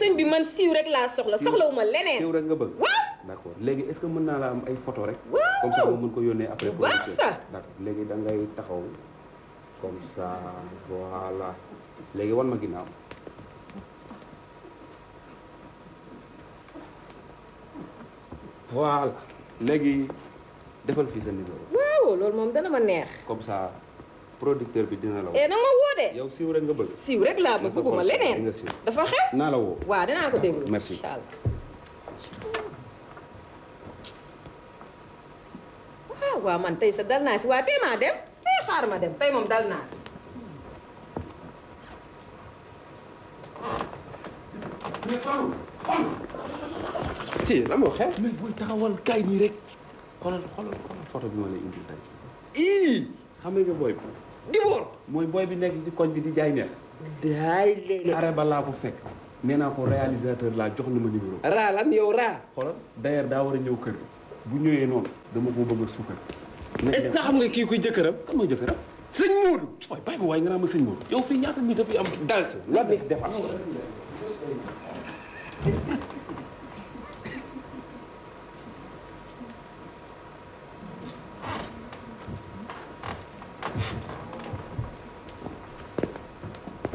sëñ bi man siw rek la soxla soxlawuma leneen siw rek nga bëgg d'accord légui est-ce que mën naa la am ay photo rek comme ça ma mën ko yónnee après waaw d'accord légui da ngay taxaw comme ça voilà légui wan ma ginaaw voilà légui defal fi sa numéro waaw loolu moom dana ma neex comme ça producteur bi dina la woo. Eh, nag ma woo de. yow siiw rek nga bëgg. siiw rek laa dafa xew naa la woo. waaw dinaa ko déglu merci xaar ma dem tey moom dal di mooy booy bi nekk ci koñ bi di jaay neex. daay léeg-léeg laa ko fekk. nee naa ko réalisateur laa jox na ma numéro. raa lan yow raa. xoolal d'ailleurs daa war a ñëw kër bu ñëwee noonu. dama ko bëgg a suukar. est xam nga kii koy jëkkëram. kan mooy jëkkëram. sëñ Moodu. waaye bàyyi ko waaye nga naan ma sëñ Moodu. yow fii ñaata nit dafay am dal si. loolu def am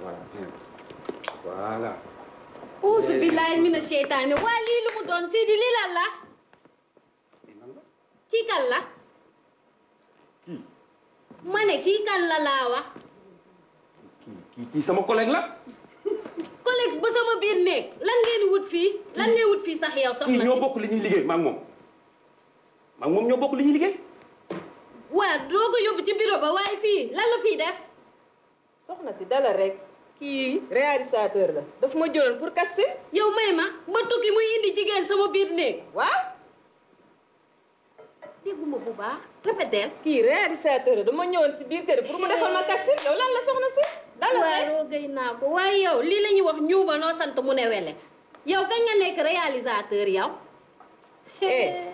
voilà bien mi uusu eh. billaahi mina seytaane waa lii lu mu doon Sidi lii lan la. kii kan la. ma ne kii kan la laa wax. kii kii sama collègue la. collègue ba sama biir néeg lan wut fii lan ngeen wut fii sax yow. bokk li ñuy liggéey maa ngi moom. maa ngi moom ñoo bokk li ñuy liggéey. waa doo ko yóbbu ci bureau ba waaye fii lan la fii def. si dala rek. kii réalisateur la dafa ma jëloon pour casting yow may ma ma tukki muy indi jigéen sama biir néeg waaw dégguma bu baax répéteel kii réalisateur la dama ñëwoon si biir kër pour mu defal ma casting yow lan la soxna si dala waaw gëy naa ko waaye yow lii lañuy ñuy wax ñuuba noo sant mu ne wele yow kañ ne nekk réalisateur yow eh,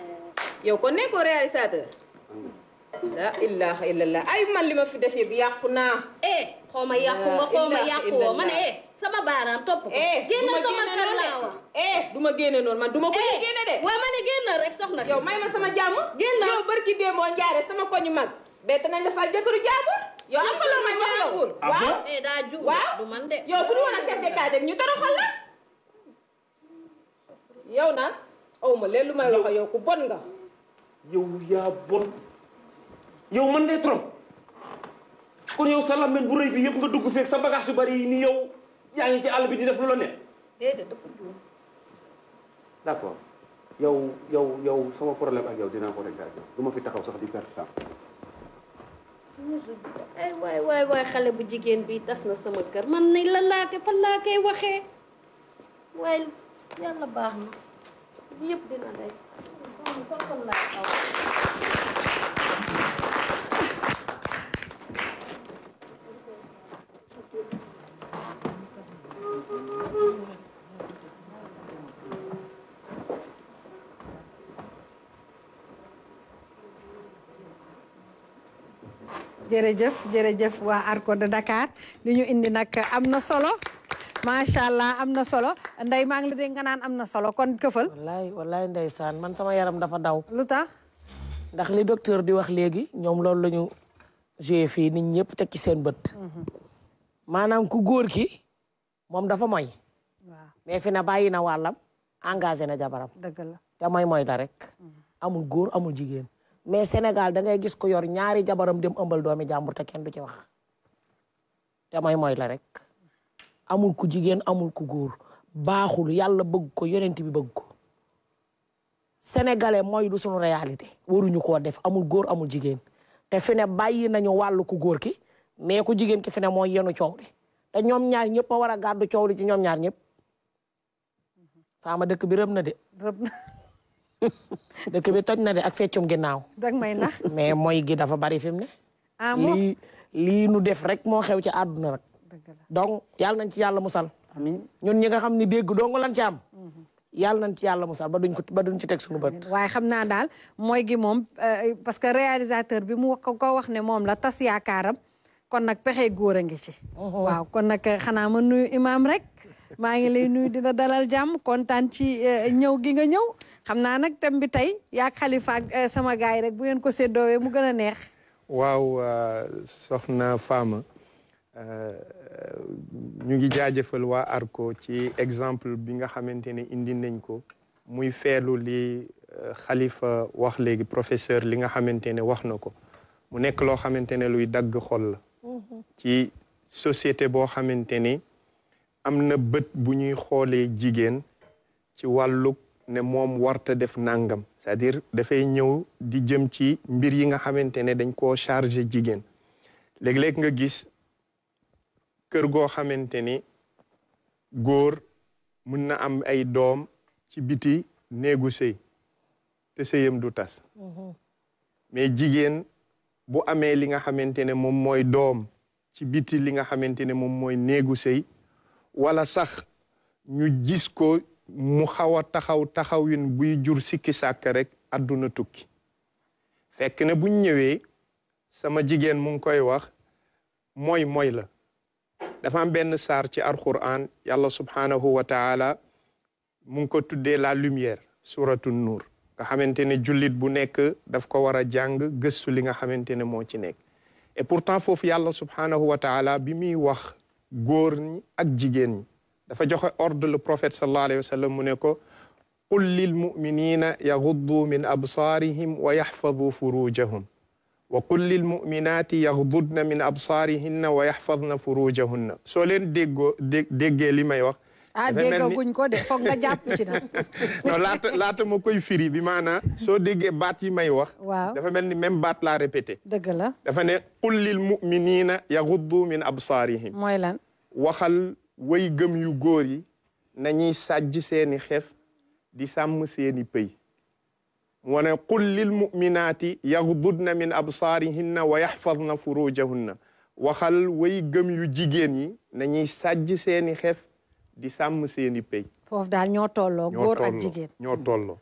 yow kon nekkoo réalisateur mm. la ilaha illallah ay man li ma fi defee bi yàqu naa. eh xaw ma yàqu nga xaw ma yàqu woo ma ne eh, sama baaraam topp ko. Eh, génn sama kër laa wax eh du ma génne noonu man du ma eh, génne de. waaw ma ne génn rek soxna si. yow may ma sama jàmm. génn yow barki dee moo mag. bett nañ la fal jëkkëru jaabur. yow am nga loo may wax yow. waaw daa juum du man de. yow bu du woon a chef de cadre ñu toroxal la. yow nag aw ma leen lu may wax yow ku bon nga. yow yaa yow man ngay trop kon yow sa lameen bu reuy bi yeb nga dugg fek sa bagage yu bari ni yow yaa ngi ci all bi di def lu la ne. dede dafa juum. d'accord yow yow yow sama problème ak yow dina ko rek ak duma fi taxaw sax di perdre temps. ay way way way xalé bu jigen bi tas na sama kër man ni la la ke fa la ke waxe waaye yalla baax na yëpp dina day. Thank you. jërëjëf jërëjëf wa arko de Dakar li ñu indi nak amna solo macha allah amna solo nday maa ngi denga nan amna solo kon keufal wallahi wallahi ndaysan man sama yaram dafa daw. lutax ndax li docteur di wax ninyep ñom lool Mana ñu fi nit ñepp tek ci seen beut manam mhm. ku ki mom dafa moy. mais fi na bàyyi na engagé na jabaram. deug la da moy moy da rek. Mhm. amul góor amul jigen. mais Sénégal da ngay gis ko yor ñaari jabaram dem ëmbal doomi jàmbur te kenn du ci wax te moy mooy la rek amul ku jigéen amul ku góor baaxul yàlla bëgg ko yonent bi bëgg ko sénégalais mooy du sunu réalité waruñu koo def amul góor amul jigéen te fi ne bàyyi nañu wàllu ku góor ki mais ku jigéen ki fi ne mooy yenu coow li te ñoom ñaar ñëpp a war a gàddu coow li ci ñoom ñaar ñëpp faama dëkk bi na de. dëkk bi toj na de ak feccum ginnaaw. dag may nax mais mooy gi dafa bari fi mu ne. Ah, lii nu def rek moo xew ci àdduna rek. donc yàlla nañ ci yàlla musal. amiin ñun ñi nga xam ne dégg dong lan ci am. Mhm. yàlla nañ ci yàlla musal ba duñ ko ba duñ ci teg suñu bët. waaye xam naa daal mooy gi moom euh, parce que réalisateur bi mu ko wax ne moom la tas yaakaaram kon nag pexe góor a ngi ci. Mhm. waaw kon nag xanaa ma nuyu imaam rek. maa ngi lay nuyu dina dalal jàmm kontaan ci eh, ñëw gi nga ñëw xam naa nag thème bi tey yaa Khalifa eh, sama gars yi rek bu ngeen ko séddoowee mu gën a neex. waaw euh, soxna Fama euh, ñu ngi jaajëfal waa ARCO ci exemple bi nga xamante ne indi nañ ko muy feelu li xalifa euh, wax léegi professeur li nga xamante ne wax na ko mu nekk loo xamante ne luy dagg xol la. Mm-hmm. ci société boo xamante ni. am na bët bu ñuy xoolee jigéen ci wàllug ne moom warta def nangam cest à dafay ñëw di jëm ci mbir yi nga xamante ne dañ koo chargé jigéen léeg-léeg nga gis kër goo xamante ni góor mun na am ay doom ci biti néegu sëy te sëyam du tas mhm. mais jigéen bu amee li nga xamante ne moom mooy doom ci biti li nga xamante ne moom mooy néegu sëy wala sax ñu gis ko mu xaw a taxaw taxawin buy jur siki sàkk rek àdduna tukki fekk ne buñ ñëwee sama jigéen mu ngi koy wax mooy mooy la dafa am benn saar ci alquran yàlla subhaanahu wa taala mu ngi ko tuddee la lumière suratu nuur nga xamante ne jullit bu nekk daf ko war a jàng gëstu li nga xamante ne moo ci nekk et pourtant foofu yàlla subhaanahu wa bi muy wax góor ñi ak jigéen ñi dafa joxe ordre le prophète sallallahu alayhi wasallam mu ne ko qul lil muminina yaghuddu min absarihim wa yahfadhu furujahum wa qul lil mu'minati yaghuddna min absarihinna wa yahfadhna furujahunna so len deggo deggé limay wax ah déggaguñ ko de foog nga jàpp ci nag non laata laata ma koy firi bi maanaa soo déggee baat yi may wax waaw dafa mel ni même baat laa répété dëgg la dafa ne qul lil muminina yaghuddu min absaarihim mooy lan waxal way gëm yu góor yi nañuy sàjj seeni xef di sàmm seeni pëy mu ne qul lil muminaati yaghdudna min absaarihinna wa yaxfadna furujahunna waxal way gëm yu jigéen yi nañuy sàjj seeni xef di sàmm seeni pay foofu daal ñoo tolloo góor ak jigéen ñoo tolloo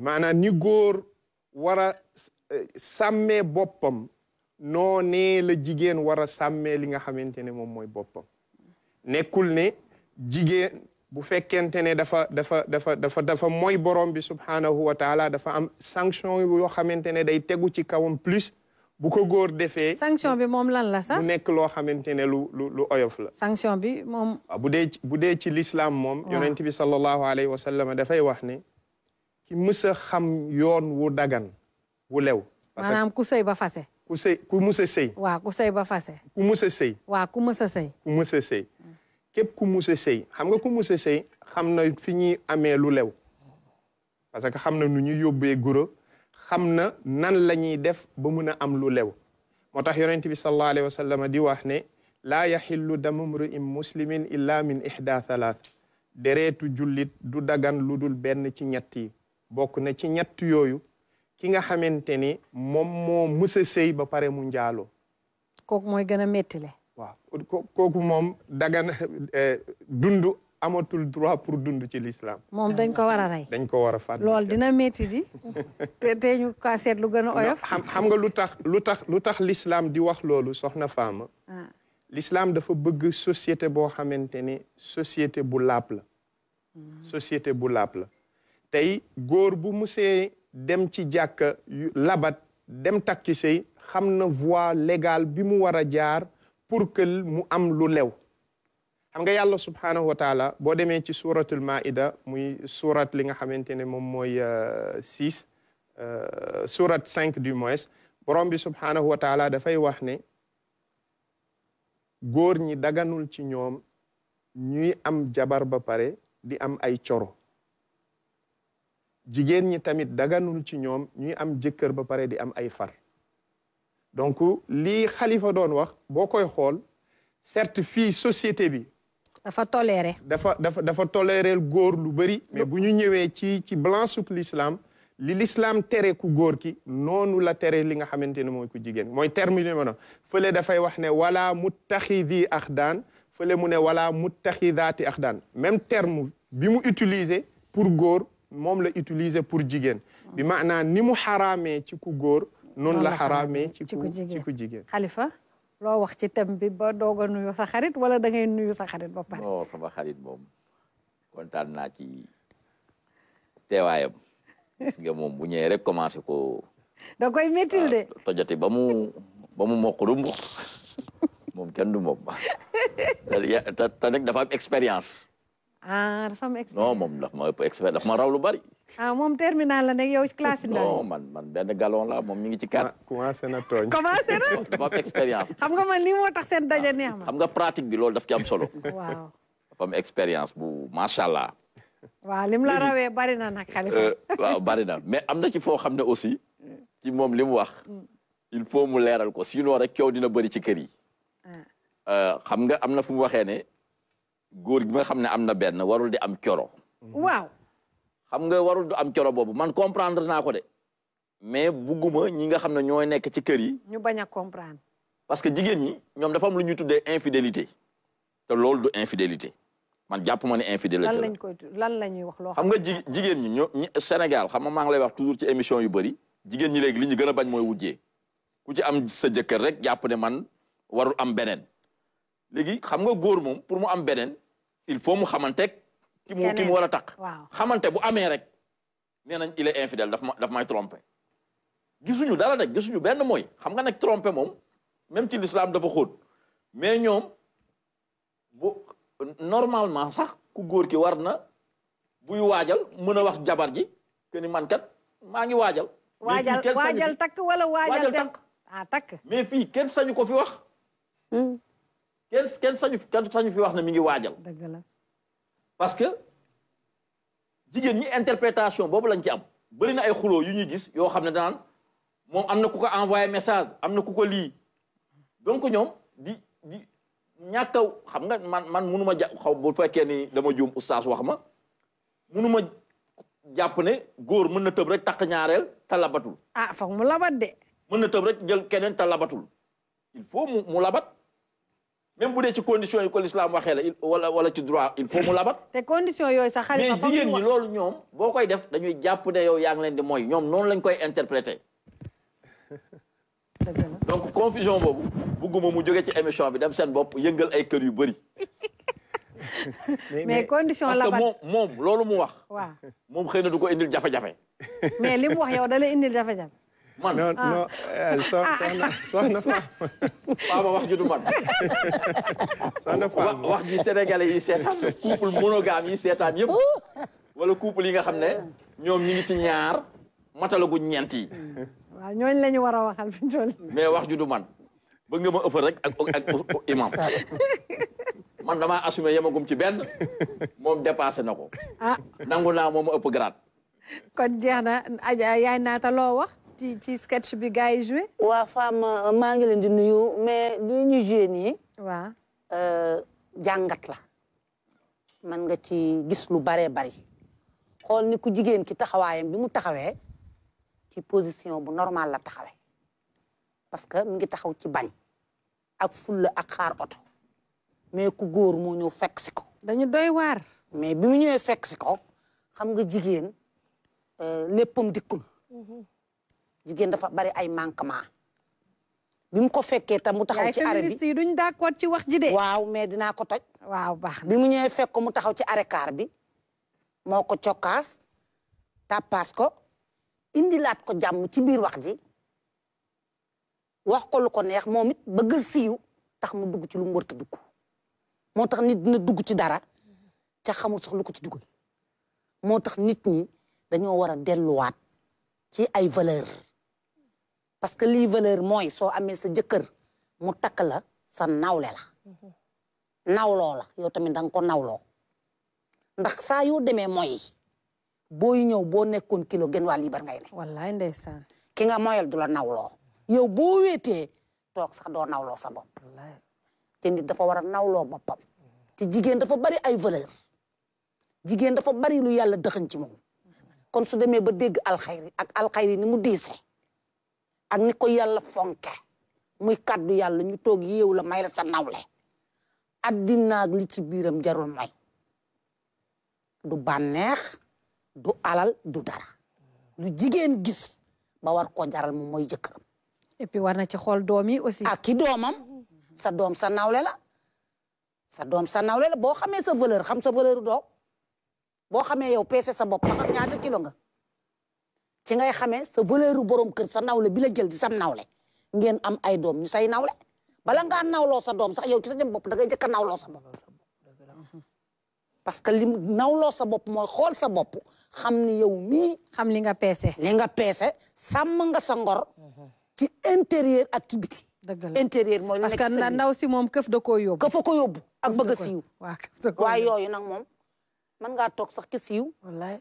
maanaam ni góor war a eh, sàmmee boppam noonee la jigéen war a sàmmee li nga xamante ne moom mooy boppam nekkul ne jigéen bu fekkente ne dafa dafa dafa dafa dafa mooy borom bi subhaanahu dafa am sanction yoo xamante ne day tegu ci kawam plus bu ko góor defee. sanction bi moom lan la sax. mu nekk loo xamante ne lu lu lu oyof la. sanction bi moom. bu dee bu dee ci lislaam moom. Ah. yonent bi sallallahu alayhi wa sallam dafay wax ne. ki mës xam yoon wu dagan wu lew. parce maanaam ku sëy ba fase. ku sëy ku mës a sëy. waaw ku sëy ba fase. ku mës a sëy. waaw ku mës a sëy. ku képp ku mës a sëy xam nga ku mës a sëy xam na fi ñuy amee lu lew parce que xam na nu ñuy yóbbee guro. xam na nan la ñuy def ba mun a am lu lew moo tax yonent bi sallallahu alayhi wa di wax ne laa yaxillu damu mri'in muslimin illa min ihda thalath dereetu jullit du dagan lu dul benn ci ñett yi bokk na ci ñett yooyu ki nga xamante ni moom moo musa sëy ba pare mu njaaloo kooku mooy gën a méttile waaw kooku moom dagan eh, amatul droit pour dundu ci l'islam moom dañ ko war a rey. dañ ko war a faat dina métti di. te tey ñu ko seet lu gën a oyof. xam xam nga lu tax lu tax lu tax l'islam di wax loolu soxna Fama. Ah. l'islam dafa bëgg société boo xamante ne société bu laap la. Hmm. société bu laap la tey góor bu musee dem ci jàkka labat dem takki sëy xam na voie légal bi mu war a jaar pour kël mu am lu lew. xam nga yàlla subhaanahu wa taala boo demee ci suratul maida muy surat li nga xamante ne moom mooy euh, six euh, surat cinq du moins borom bi subhaanahu wa taala dafay wax ne góor ñi daganul ci ñoom ñuy am jabar ba pare di am ay coro jigéen ñi tamit daganul ci ñoom ñuy am jëkkër ba pare di am ay far donc lii xalifa doon wax boo koy xool certes fii société bi dafa toléré. dafa dafa dafa toléré góor lu bëri. mais bu ñu ñëwee ci ci balansuk l'islam li l'islam tere ku góor ki noonu la tere li nga xamante ne mooy ku jigéen mooy terme li ma no dafay wax ne wala muttaxidi ax daan fële mu ne wala muttaxidaati ax daan même terme bi mu utiliser pour góor moom la utiliser pour jigéen bi maanaam ni mu xaraamee ci ku góor noonu la xaraamee ci ku ci ku jigéen loo wax ci thème bi ba doog a nuyu sa xarit wala da ngay nuyu sa xarit ba pare. non sama xarit moom kontaan naa ci teewaayam gis nga moom bu ñëwee rek commencé ko. da koy méttil de. tojati ba mu ba mu mokk rumb moom kenn du moom te dafa expérience. ah dafa am non moom dafa ma ëpp expérience ma raw lu bari. ah mom terminal la nekk yow ci classe non man man benn galon la mom mi ngi ci kat. commencé na tooñ. commencé na dafa am xam nga man lii moo tax seen neex ma. xam nga pratique bi daf ci am solo. Eh, waaw dafa am bu macha waaw lim la rawee bari na nag Khalifa. waaw bari na mais am ci foo xam aussi. ci moom li wax. il faut mu ko rek dina ci kër yi. Ah. Eh, xam nga fu góor gi nga xam ne am na benn warul di am coro. waaw. xam nga warul du am coro boobu man comprendre naa ko de mais bugguma ñi nga xam ne ñooy nekk ci kër yi. ñu bañ a comprendre. parce que jigéen ñi ñoom dafa am lu ñuy tuddee infidélité te loolu du infidélité man jàpp ma ne infidélité lan lañ lan la ñuy wax loo xam nga ji jigéen ñi ñoo Sénégal xam nga maa ngi lay wax toujours ci émission yu bëri jigéen ñi léegi li ñu gën a bañ mooy wujjee ku ci am sa jëkkër rek jàpp ne man warul am beneen léegi xam nga góor moom pour mu am beneen il faut mu xamanteeg. ki mu ki mu war a takk. xamante bu amee rek nee nañ il est infidèle daf ma daf may trompé. gisuñu dara nag gisuñu benn mooy xam nga nag trompé moom même ci l'islam dafa xóot mais ñoom bu normalement sax ku góor ki war na buy waajal mën a wax jabar ji que ni man kat maa ngi waajal. waajal waajal takk wala waajal dem waajal takk. ah mais fii kenn sañu ko fi wax. Hmm. kenn kenn sañu kenn sañu fi wax ne mi ngi waajal. dëgg la parce que jigéen ñi interprétation boobu lañ ci am bëri na ay xuloo yu ñuy gis yoo xam ne daan moom am na ku ko envoyé message am na ku ko lii donc ñoom di di ñàkk xam nga man man munu ja xaw bu fekkee ni dama juum oustaz wax ma munu ma jàpp ne góor mën na tëb rek takk ñaareel ta labatul. ah foog mu labat de. mën na tëb rek jël keneen ta labatul il faut mu labat. même bu dee ci condition yi ko l'islam waxee la wala wala ci droit il faut mu labat. te condition yooyu sax xalifa mais jigéen ñi ñoom boo koy def dañuy jàpp ne yow yaa ngi leen mooy ñoom noonu lañ koy interpréter. donc confusion boobu bugguma mu jóge ci émission bi dem seen bopp yëngal ay kër yu bëri. mais condition labat parce que moom loolu mu wax. waaw moom xëy na du ko indil jafe-jafe. mais li mu wax yow da lay indil jafe-jafe. man non non eh, ah. wax ju du man. wax ji sénégalais yi seetaan couple monogame yi seetaan yëpp. wala couple yi nga xam ne ñoom ñi ngi ci ñaar matalaguñ ñeent yi. ñooñ ñooñu la war a waxal fi mais wax ju du man bëgg nga ma rek ak ak imam. man ma assumé yemagum ci benn moom dépassé na ko. ah nangu naa moom ma ëpp grade. kon jeex na yaay naata loo wax. ci ci sketch bi gars yi joué. waa femme maa ngi leen di nuyu mais li ñu joué nii. waaw euh, jàngat la. man nga ci gis lu baree bari. xool ni ku jigéen ki taxawaayam bi mu taxawee ci position bu normal la taxawee parce que mu ngi taxaw ci bañ ak fulla ak xaar oto mais ku góor moo ñëw fekk si ko. dañu doy waar. mais bi mu ñëwee fekk si ko xam nga jigéen euh, léppam dikkul. Mhm. jigéen dafa bari ay manquement bi mu ko fekkee ta mu taxaw ci arrêt bi féministes yi duñ ci wax ji de. waaw mais dinaa ko toj. waaw baax bi mu ñëwee fekk mu taxaw ci arrêt bi moo ko cokkaas tàppaas ko indilaat ko jàmm ci biir wax ji wax ko lu ko neex moom it bëgg siiw tax mu dugg ci lu mu warta dugg moo tax nit dina dugg ci dara ca xamul lu ko ci dugal moo tax nit ñi dañoo war a delluwaat ci ay valeur parce que li valeur moy so amé sa jëkkeur mu tak la sa nawlé la nawlo la yow tamit dang ko nawlo ndax sa yoo démé moy boy ñew bo nekkon kilo gën waa liibar ngay né wallahi ndaysan ki nga moyal dula nawlo yow bo wété tok sax do nawlo sa wallahi nit dafa wara nawlo bopam ci jigen dafa bari ay valeur jigen dafa bari lu yalla dexeñ ci mom kon su démé ba dégg alxayri ak alxayri ni mu diise ak ni ko yàlla fonke muy kàddu yàlla ñu toog yew la may la sa nawle addinaag li ci biiram jarul may du bànneex du alal du dara du jigéen gis ba war ko jaral moom mooy jëkkëram et war na ci xool doom yi aussi ak ki doomam sa doom sa nawle la sa doom sa nawle la boo xamee sa valeur xam sa valeur doo boo xamee yow peese sa bopp ba xam ñaata nga ci ngay xamé sa valeuru borom kër sa nawle bi la jël di sam nawle ngeen am ay dom ñu say nawle bala nga nawlo sa dom sax yow ci sa jëm bop da ngay jëk nawlo sa bop parce que li nawlo sa bop moy xol sa bop xam ni yow mi xam li nga pécé li nga pécé sam nga sa ngor ci intérieur ak ci biti intérieur moy parce que na naw si mom keuf da ko yob keuf ko yob ak bëgg a siiw waaye yooyu nag moom mën sax ci siiw wallahi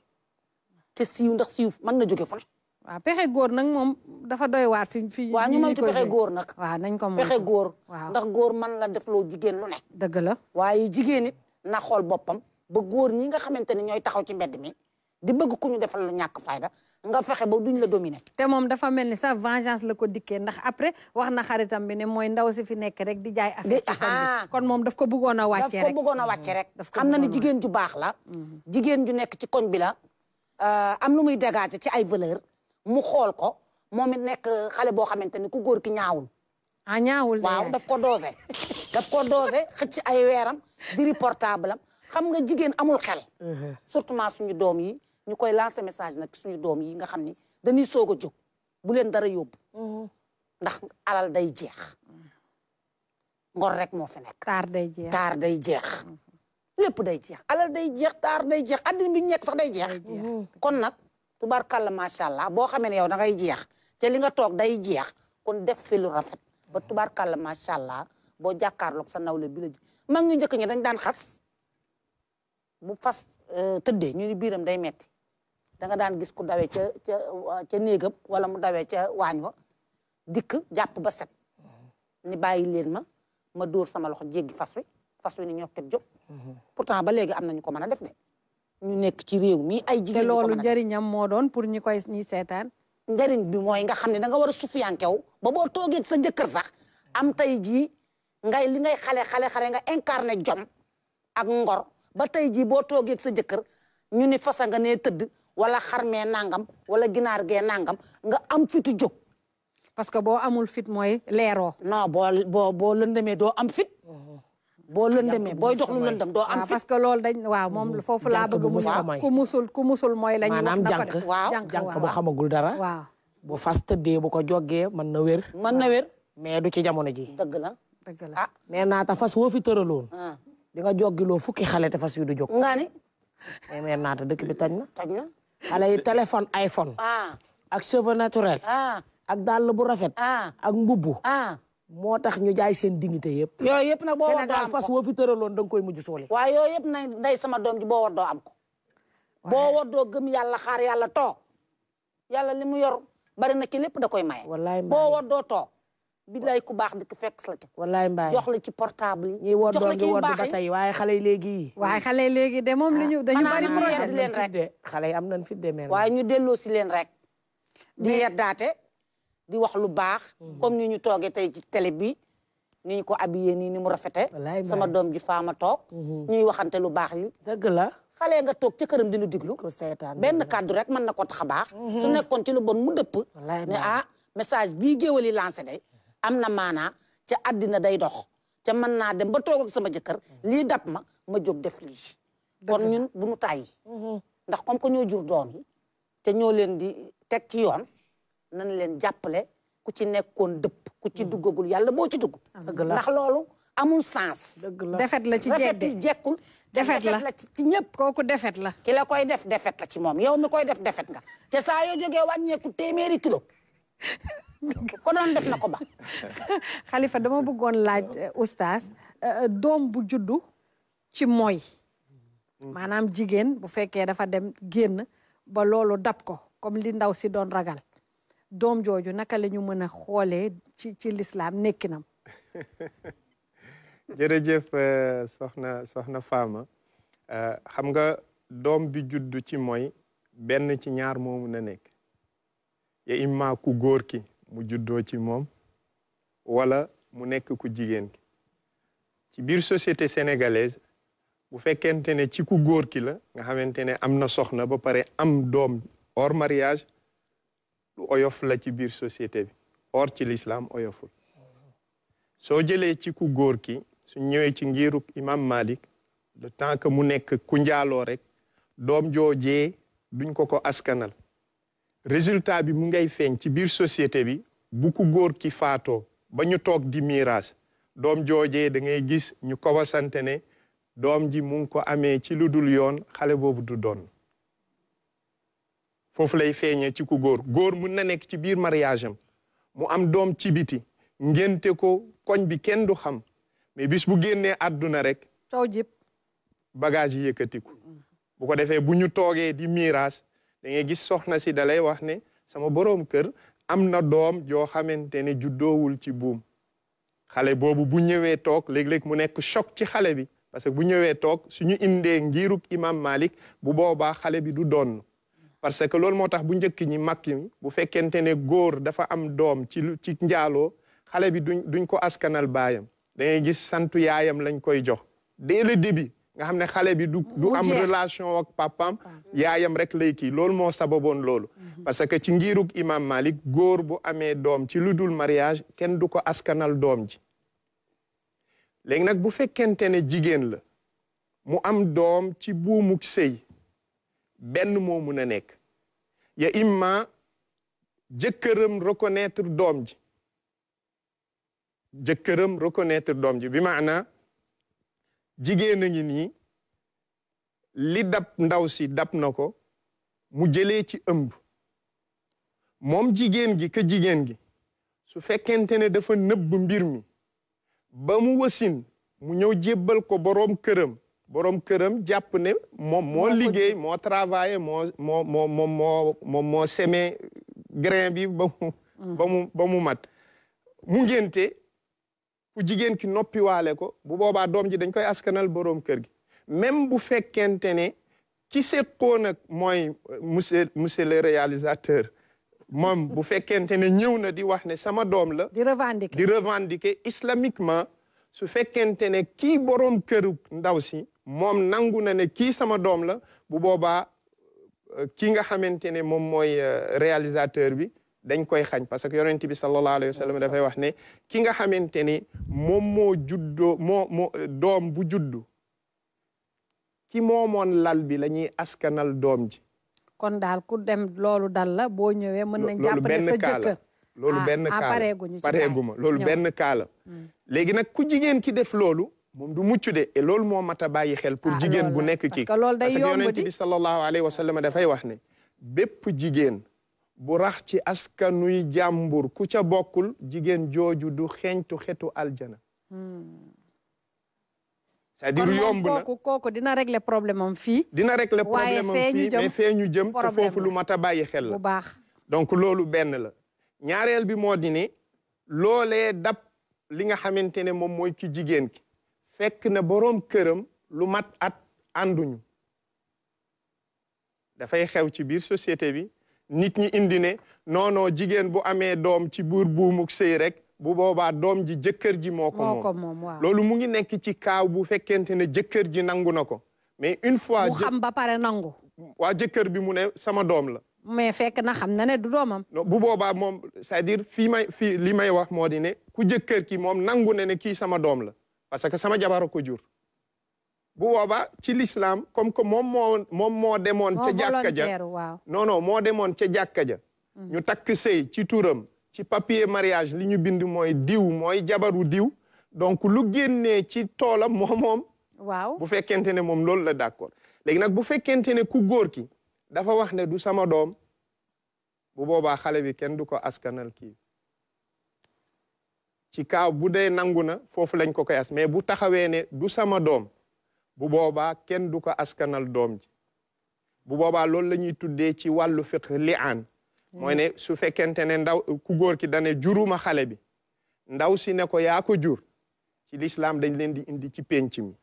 te siiw ndax siiw mën na jóge fu ne pexe góor nag moom dafa doy waar fi fi waaw ñu moytu pexe góor nag waaw nañ ko moytu pexe góor ndax góor man la def loo jigéen lu ne dëgg la waaye jigéen it na xool boppam ba góor ñi nga xamante ne ñooy taxaw ci mbedd mi di bëgg ku ñu defal lu ñàkk fayda nga fexe ba du duñ la dominer. te moom dafa mel ni sax vengeance la ko dikkee ndax après wax na xaritam bi ne mooy ndaw si fi nekk rek di jaay affaire ah. kon moom daf ko bëggoon a wàcce rek daf ko bëggoon a wàcce rek xam na ni jigéen ju baax la mm-hmm. jigéen ju nekk ci koñ bi Euh, am lu muy dégager ci ay valeur mu xool ko moom it nekk xale boo xamante ni ku góor ki ñaawul. ah ñaawul waaw daf ko doose. daf ko doose xëcc ay weeram diri portable am xam nga jigéen amul xel. Uh-huh. surtout ment suñu doom yi ñu koy lancer message nag suñu doom yi nga xam ni dañuy soog a jóg bu leen dara yóbbu. Uh-huh. ndax alal day jeex. ngor rek moo fi nekk. taar day jeex day jeex. Uh-huh. lepp day jeex alal day jeex tar day jeex addina bi ñek sax day jeex mm-hmm. kon nag tubaarkàlla macha allah boo xamee ne yow da ngay jeex ci li nga tok day jeex kon def fi lu rafet ba mm-hmm. tubaarkàlla macha allah boo jàkkaarloog sa nawle bi la ji ma ngi ñëk ñi dañ daan xass bu fas euh, tëddee ñu ni biiram day metti da nga daan gis ku dawee ci ci neegam wala mu dawee ci waañ wa dikk jàpp ba set mm-hmm. ni bàyyi leen ma ma door sama loxo jéggi fas wi fas wi ni ñokket jóg mhm. pourtant ba léegi am nañu ko mën a def de ñu nekk ci réew mi ay jigéen te loolu njëriñam moo doon pour ñu koy ñi seetaan njëriñ bi mooy nga xam ne da nga war a sufiyankew ba boo toogee sa jëkkër sax am tey jii ngay li ngay xale xale xale nga incarné jom ak ngor ba tey jii boo toogee sa jëkkër ñu ni fasa nga nee tëdd wala xarmee nangam wala ginaar gee nangam nga am fitu jóg parce que boo amul fit mooy leeroo non boo boo boo lëndëmee doo am fit mhm. boo lëndëmee booy dox lu lëndëm doo am parce que loolu dañ waaw moom mm. foofu laa bëgg musul ku musul ku musul mooy la ñu maanaam jànk jànk bu xamagul dara waaw bu fas tëddee bu ko joggee mën na wér mën na wér mais du ci jamono ji dëgg la dëgg la ah nee naa ta fas woo fi tëraloon ah. di nga joggiloo fukki xale te fas wi du jóg nga ni naata dëkk bi toj na toj na xale yi téléphone iPhone ah. ak cheveux naturel ah. ak dàll bu rafet ak mbubu moo tax ñu jaay seen dignité yëpp. yooyu yëpp nag boo war doo am ko fas woo fi tëraloon da nga koy mujj na sama doom ji boo war am ko. boo war gëm yàlla xaar yàlla toog. yàlla li mu yor bari na ci lépp da koy maye. wallaay mbaay boo war doo toog. billaay ku baax di ku fekk la ci. wallaay mbaay jox la ci portable yi. jox la ci yu baax di war ba tey waaye xale yi léegi. waaye xale yi léegi de moom li ñu ah, dañu bari projet. xanaa am nañ de xale yi am nañ fi de waaye ñu delloo si leen rek. di yeddaate di wax lu baax. Mm-hmm. comme ni ñu toogee tey ci télé bi. ni ñu ko habillé nii ni mu rafete sama doom ji faama toog. Mm-hmm. ñuy waxante lu baax yi. dëgg la xale nga toog ci këram dinu diglu. benn kàddu rek mën na ko tax a baax. Mm-hmm. su nekkoon ci lu bon mu dëpp. ne ah message bii géwél yi lancé de am na maanaa ca àddina day dox. ca mën naa dem ba toog ak sama jëkkër lii dab ma ma jóg def lii. kon ñun bu nu tàyyi. ndax comme que ñoo jur doom yi te ñoo leen di teg ci yoon. nan leen jàppale ku ci nekkoon dëpp ku ci mm. duggagul yàlla boo ci dugg ndax loolu amul sens defet la ci jedde jekkul defet la ci ñëpp kooku defet la ki la koy def defet la ci moom yow mi koy def defet nga te saa yoo jógee wàññeeku téeméeri kilo ko doon def na ko ba xalifa dama bëggoon laaj euh, oustaz euh, euh, doom bu juddu ci mooy mm. maanaam jigéen bu fekkee dafa dem génn ba loolu dab ko comme li ndaw si doon ragal doom jooju naka lañu mën a xoolee ci ci lislaam nekkinam jërëjëf euh, soxna soxna Fama euh, xam nga doom bi juddu ci mooy benn ci ñaar moomu na nekk ya imma ku góor ki mu juddoo ci moom wala mu nekk ku jigéen ki ci biir société sénégalaise bu fekkente ne ci ku góor ki la nga xamante ne am na soxna ba pare am doom hors mariage lu oyof la ci biir société bi or ci lislaam oyoful soo jëlee ci ku góor ki su ñëwee ci ngiru imam Malik le temps que mu nekk ku njaaloo rek doom joojee duñ ko ko askanal résultat bi mu ngay feeñ ci biir société bi bu ku góor ki faatoo ba ñu toog di miiras doom joojee da ngay gis ñu ko wasante ne doom ji mu ko amee ci lu dul yoon xale boobu du doon foofu lay feeñee ci ku góor góor mun na nekk ci biir mariage am mu am doom ci biti ngénte ko koñ bi kenn du xam mais bis bu génnee àdduna rek taw jëpp bagage yi bu ko defee bu ñu toogee di miiras da ngay gis soxna si dalay wax ne sama borom kër am na doom joo xamante ne juddoowul ci buum xale boobu bu ñëwee toog léeg-léeg mu nekk choc ci xale bi parce que bu ñëwee toog ñu indee ngiirug imam Malik bu boobaa xale bi du doon parce que loolu moo tax bu njëkk ñi mag bu fekkente ne góor dafa am doom ci ci njaaloo xale bi duñ duñ ko askanal baayam da gis santu yaayam lañ koy jox dele le début nga xam ne xale bi du du am relation ak papam yaayam rek lay kii lool moo sababoon loolu mhm. parce que ci ngirug imam Malik góor bu amee doom ci lu dul mariage kenn du ko askanal doom ji léegi nag bu fekkente ne jigéen la mu am doom ci buumuk sëy benn moo mun nekk ya imma jëkkëram reconnaître doom ji jëkkëram reconnaître doom ji bi jigéen a li dab ndaw si dab na ko mu jëlee ci ëmb moom jigéen gi ka jigéen gi su fekkente ne dafa nëbb mbir mi ba mu wasin mu ñëw jébbal ko boroom këram borom këram jàpp ne moom moo liggéey moo travaillé moo moo moo moom moo moom grain bi ba mu ba mu ba mat mu ku jigéen ki noppi waale ko bu boobaa doom ji dañ koy askanal borom kër gi même bu fekkente ne ki seqoon ak mooy euh, monsieur monsieur le réalisateur moom bu fekkente ne ñëw na di wax ne sama doom la di revendiquer di revendiquer islamiquement su fekkente ne kii borom këru ndaw si moom nangu na ne kii sama doom la bu boobaa euh, ki nga xamante ne moom mooy euh, réalisateur bi dañ koy xañ parce que yonent bi sallallahu alayhi wa sallam dafay wax ne ki nga xamante ni moom moo juddoo moo doom bu juddu ki moomoon lal bi la ñuy askanal doom ji. kon daal ku dem loolu dal la boo ñëwee. mën nañ jàppale sa jëkkër loolu ah, benn kaala loolu benn kaala. ma loolu benn kaala. Mm. nag ku jigéen ki def loolu. moom du mucc de et loolu moo mat a bàyyi xel pour ah, jigéen bu nekk ci parce que yonent bi di alayhi wa sallam dafay wax ne bépp jigéen bu rax ci askanuy jàmbur ku ca bokkul jigéen jooju du xeeñtu xeetu aljana hmm. cest à yomb na kooku dina regle problème am fii dina régler problème am fii mais fee ñu jëm te foofu lu mat a bàyyi xel la baax donc loolu benn la ñaareel bi moo di ne loolee dab li nga xamante ne moom mooy ki jigéen ki fekk na borom këram lu mat at ànduñu dafay xew ci biir société bi nit ñi indi ne noonoo jigéen bu amee doom ci buur buumuk sëy rek bu boobaa doom ji jëkkër ji moo ko moom loolu mu ngi nekk ci kaaw bu fekkente ne jëkkër ji nangu na ko mais une fois mu xam ba pare nangu waa jëkkër bi mu ne sama doom la mais fekk na xam na ne du doomam bu boobaa moom cest dire fii may fii li may wax moo di ne ku jëkkër ki moom nangu ne ne kii sama doom la parce que sama jabar ko jur bu boobaa ci l'islam comme que moom moo moom moo demoon ca jàkka ja non non moo demoon ca jàkka mm-hmm. ñu takk sëy ci turam ci papier mariage li ñu bind mooy diw mooy jabaru diw donc lu génnee ci toolam moo waaw bu fekkente ne moom loolu la d'accord léegi nag bu fekkente ne ku góor ki dafa wax ne du sama doom bu boobaa xale bi kenn du ko askanal kii ci kaw bu dee nanguna foofu lañ ko koy as mais bu taxawee ne du sama doom bu boobaa kenn du ko askanal doom ji bu boobaa loolu la ñuy tuddee ci wàllu fiq li aan mooy ne su fekkente ne ndaw ku góor ki dane juruma xale bi ndaw si ne ko yaa ko jur ci lislaam dañ leen di indi ci pénc mi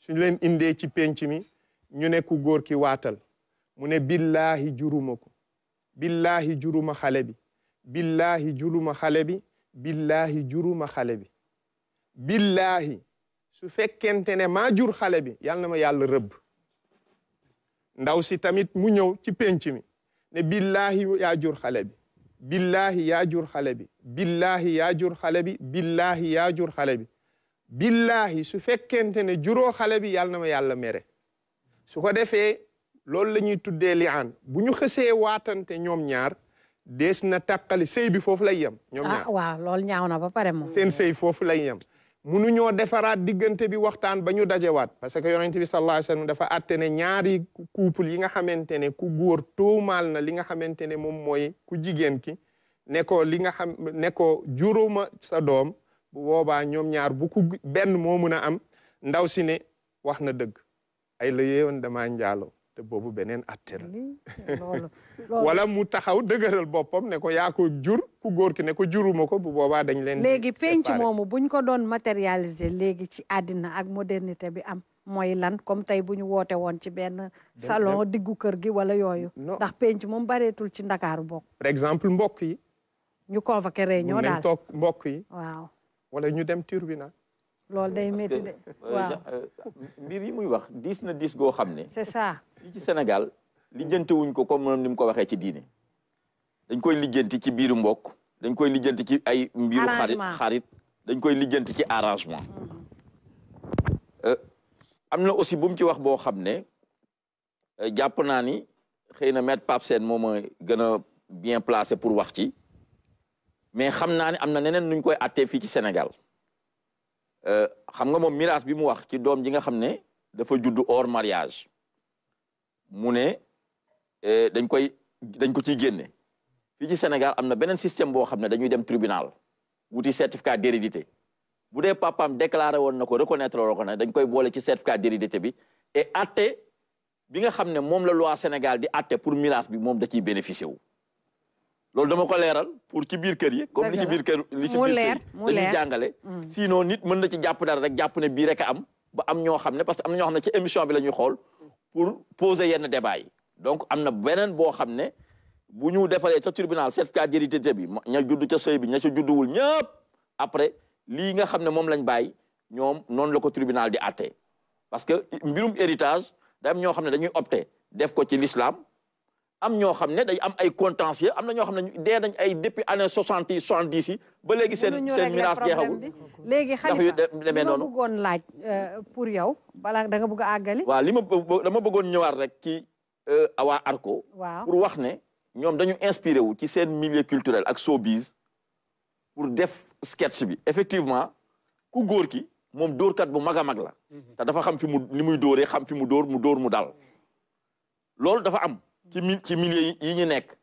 suñ leen indee ci pénc mi ñu ne ku góor ki waatal mu ne billaahi juruma ko billaahi juruma xale bi billaahi juruma xale bi billahi juruma xale bi billahi su fekkente ne maa jur xale bi yal na ma yàlla rëbb ndaw si tamit mu ñëw ci pénc mi ne billahi yaa jur xale bi billahi yaa jur xale bi billahi yaa jur xale bi billahi yaa xale bi billahi su fekkente ne juróo xale bi yal na ma yàlla mere su ko defee loolu la ñuy tuddee li'aan bu ñu xësee waatante ñoom ñaar dees na tàqali sëy bi foofu lay yem. ñoom ah, ñaar ah waaw na ba pare moom. seen sëy foofu lay yem. munuñoo defaraat diggante bi waxtaan ba ñu dajewaat parce que yonent bi sallallahu alayhi wa dafa attene ñaari couple yi nga xamante ne ku góor tuumaal na li nga xamante ne moom mooy ku jigéen ki ne ko li nga xam ne ko juróoma sa doom bu boobaa ñoom ñaar bu ku benn moo mun a am ndaw si ne wax na dëgg ay la te boobu beneen atte la wala mu taxaw dëgëral boppam ne ko yaa jur ku góor ki ne ko juruma ko bu boobaa dañ leen léegi penc moomu buñ ko doon matérialiser léegi ci àddina ak modernité bi am mooy lan comme tey bu ñu woote woon ci benn salon diggu kër gi wala yooyu ndax penc moom bareetul ci ndakaaru bokk par exemple mbokk yi ñu convoqué réunion daal toog mbokk yi waaw wala ñu dem tribunal loolu day métti de euh, waaw euh, mbir yi muy wax dis na dis goo xam ne. c'est ça fii ci Sénégal lijjanti wuñ ko comme moom ni ko waxee ci diine. dañ koy lijjanti ci biiru mbokk dañ koy lijjanti ci ay. mbiru xarit xarit dañ koy lijjanti ci arrangement. Mm-hmm. Euh, am na aussi bu ci wax boo xam ne jàpp naa ni xëy na maître Pape Sène moom mooy gën a bien placé pour wax ci mais xam naa ni am na neneen nuñ koy attee fii ci Sénégal. Euh, xam nga moom miraas bi mu wax ci doom ji nga xam ne dafa juddu hors mariage mu ne euh, dañ koy dañ ko ciy génne fii ci Sénégal am na beneen système boo xam ne dañuy dem tribunal wuti certificat d'hérédité bu dee papaam déclaré woon na ko reconnaître loo ko ne dañ koy boole ci certificat d'hérédité bi et atté bi nga xam ne moom la loi Sénégal di atte pour miraas bi moom da ciy bénéficier wu. loolu dama ko leeral pour ci biir kër yi comme li ci biir kër li ci biir sëy dañuy jàngale mm. sinon nit mën na ci jàpp dara rek jàpp ne bii rek a am ba am ñoo xam ne parce que am na ñoo xam ne ci émission bi la ñuy xool pour poser yenn débat yi donc am na beneen boo xam ne bu ñu defalee ca tribunal certificat d'hérédité bi ña judd ca sëy bi ña ca judduwul ñëpp après lii nga xam ne moom lañ bàyyi ñoom noonu la ko tribunal di àtte parce que mbirum héritage da am ñoo xam ne dañuy opté def ko ci l'islam am ñoo xam ne am ay contentieux am na ñoo xam ne dee nañ ay depuis année soixante yi soixante yi ba léegi seen seen mirage jeexagul léegi xalifa demee noonu bëggoon laaj euh, pour yow balaa da nga bëgg a àggali waaw li ma dama bëggoon ñëwaat rek ci euh, awa ARCO waaw pour wax ne ñoom dañu inspiré wu ci seen milieu culturel ak showbiz pour def sketch bi effectivement ku góor ki moom dóorkat bu mag a mag la mhm. te dafa xam fi mu ni muy dóoree xam fi mu dóor mu dóor mu dal loolu dafa am ci mi ci milieu yi ñu nekk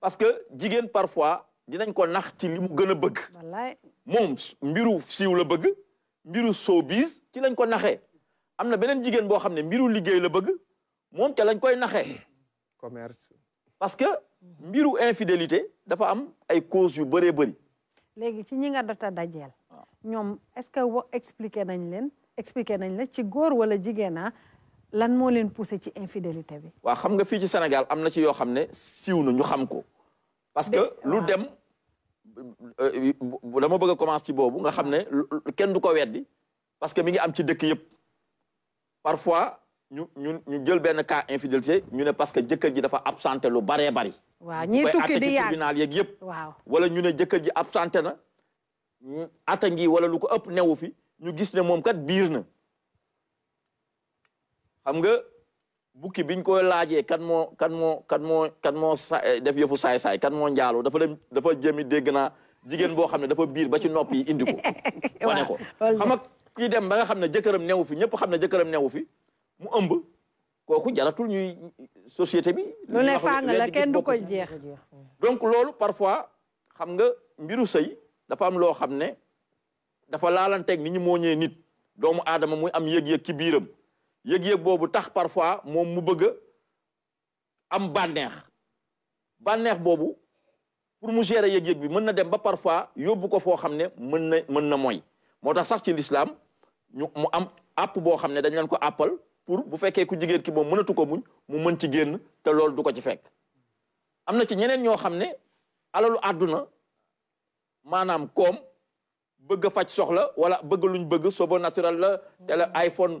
parce que jigéen parfois dinañ ko nax ci li mu gën a bëgg moom mbiru siw la bëgg mbiru showbiz ci lañ ko naxe am na beneen jigéen boo xam ne mbiru liggéey la bëgg moom ca lañ koy naxee commerce parce que mbiru infidélité dafa am ay cause yu bëree bëri léegi ci ñi nga dota dajeel ah. ñoom est-ce que expliqué nañ leen expliqué nañ la ci góor wala jigéen ah? lan moo leen poussé ci infidélité bi. waaw xam nga fii ci Sénégal am na ci yoo xam ne siiw na ñu xam ko. parce que lu dem euh, dama bëgg a commencer ci boobu nga xam ne kenn du ko weddi parce que mi ngi am ci dëkk yëpp. parfois ñu ñu ñu jël benn cas infidélité ñu ne parce que jëkkër ji dafa absenté lu baree bari. waaw ñiy tukki di yàgg tribunal yëpp. wala ñu ne jëkkër ji absenté na. atta ngi wala lu ko ëpp newu fi ñu gis ne moom kat biir na. xam nga bukki biñ ko laajee kan moo kan moo kan moo kan moo sa eh, def yëfu saay-saay kan moo njaaloo dafa dem dafa jëmi dégg naa jigéen boo xam ne dafa biir ba ci nopp yi indi ko wane ko kii dem ba nga xam ne jëkkëram newu fi ñëpp xam ne jëkkëram newu fi mu ëmb kooku jaratul ñuy société bi lu ne fàng la kenn du ko jeex donc loolu parfois xam nga mbiru sëy dafa am loo xam ne dafa laalan laalanteeg ni ñu mooñee nit doomu aadama muy am yëg-yëg ci biiram yëg-yëg boobu tax parfois moom mu bëgg am bànneex bànneex boobu pour mu gérer yëg-yëg bi mën na dem ba parfois yóbbu ko foo xam ne mën na mën na mooy moo tax sax ci lislaam ñu mu am àpp boo xam ne dañ leen ko àppal pour bu fekkee ku jigéen ki moom mënatu ko muñ mu mën ci génn te loolu du ko ci fekk am na ci ñeneen ñoo xam ne alalu àdduna maanaam koom bëgg a faj soxla wala bëgg luñ bëgg sobo naturel la tele iPhone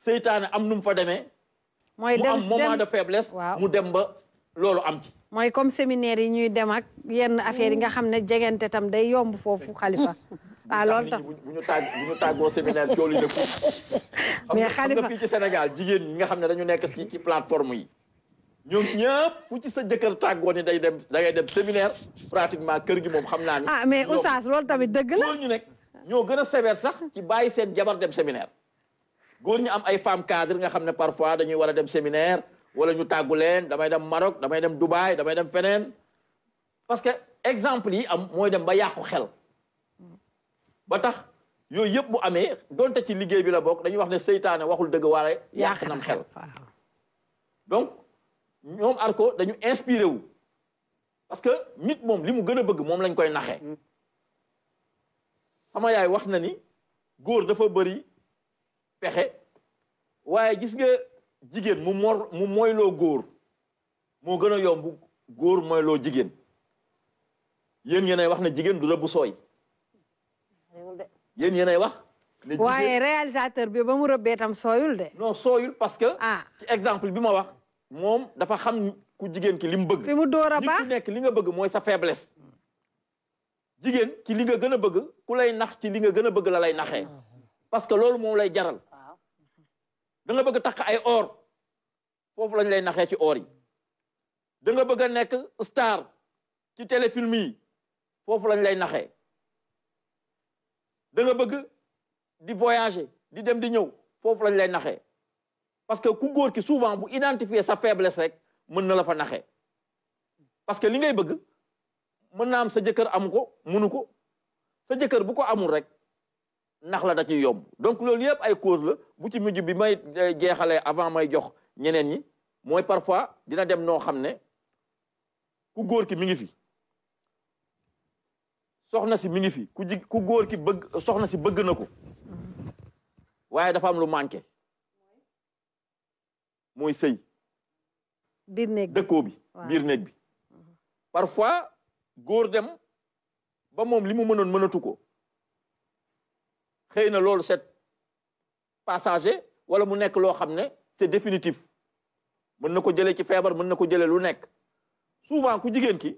seytaane am nu mu fa demee. mooy dem mu am moment de faiblesse. mu dem ba loolu am ci. mooy comme séminaire yi ñuy dem ak yenn affaire yi nga xam ne jegante tam day yomb foofu xalifa ah loolu tam bu ñu tàgg bu tàggoo séminaire coow li dëkk xam nga fii ci jigéen ñi nga xam ne dañu nekk ci ci plateforme yi. ñoom ñëpp ku ci sa jëkkër tàggoo ni day dem da ngay dem séminaire pratiquement kër gi moom xam naa ni. ah mais oustaz loolu tamit dëgg la. ñu nekk ñoo gën a sévère sax ci bàyyi seen jabar dem séminaire. góor ñu am ay femmes cadre nga xam ne parfois dañuy war a dem séminaire wala ñu tàggu leen damay dem Maroc damay dem Dubaï damay dem feneen parce que exemple yi am mooy dem ba yàqu xel ba tax yooyu yëpp bu amee donte ci liggéey bi la bokk dañuy wax ne seytaane waxul dëgg waare yàq nam xel donc ñoom arko dañu inspiré wu parce que nit moom li mu gën a bëgg moom lañ koy naxee sama yaay wax na ni góor dafa bëri pexe waaye gis nga jigéen mu mor mu moyloo góor moo gën a yomb góor moyloo jigéen yéen yéenay wax na jigéen du rëbb sooy yéen yéenay wax ne waaye réalisateur bi ba mu rëbbee tam sooyul de non sooyul parce que ah. ci exemple bi ma wax moom dafa xam ku jigéen ki li mu bëgg fi mu door a baax nekk li nga bëgg mooy sa faiblesse jigéen ci li nga gën a bëgg ku lay nax ci li nga gën a bëgg la lay naxee ah. parce que loolu moom lay jaral danga bëgg a takk ay or foofu lañ lay naxee ci or yi da nga bëgg a nekk star ci téléfilm yi foofu lañ lay naxee da nga bëgg di voyager di dem di ñëw foofu lañ lay naxee parce que ku góor ki souvent bu identifier sa faiblesse rek mën na la fa naxee parce que li ngay bëgg mën na am sa jëkkër amu ko munu ko sa jëkkër bu ko amul rek nax la da ciy yomb donc loolu yëpp ay cause la bu ci muju bi may eh, jéxalé avant may jox ñeneen ñi moy parfois dina dem no xamné ku goor ki mi ngi fi soxna si mi ngi fi ku ji ku góor ki bëgg soxna si bëgg nako waye dafa am lu manqué moy sey bir néeg de ko bi bir néeg bi mhm. parfois goor dem ba mom limu mënon mënoon mënatu ko xëy na loolu c'est passager wala mu nekk loo xam ne c'est définitif mën na ko jëlee ci feebar mën na ko jëlee lu nekk souvent ku jigéen ki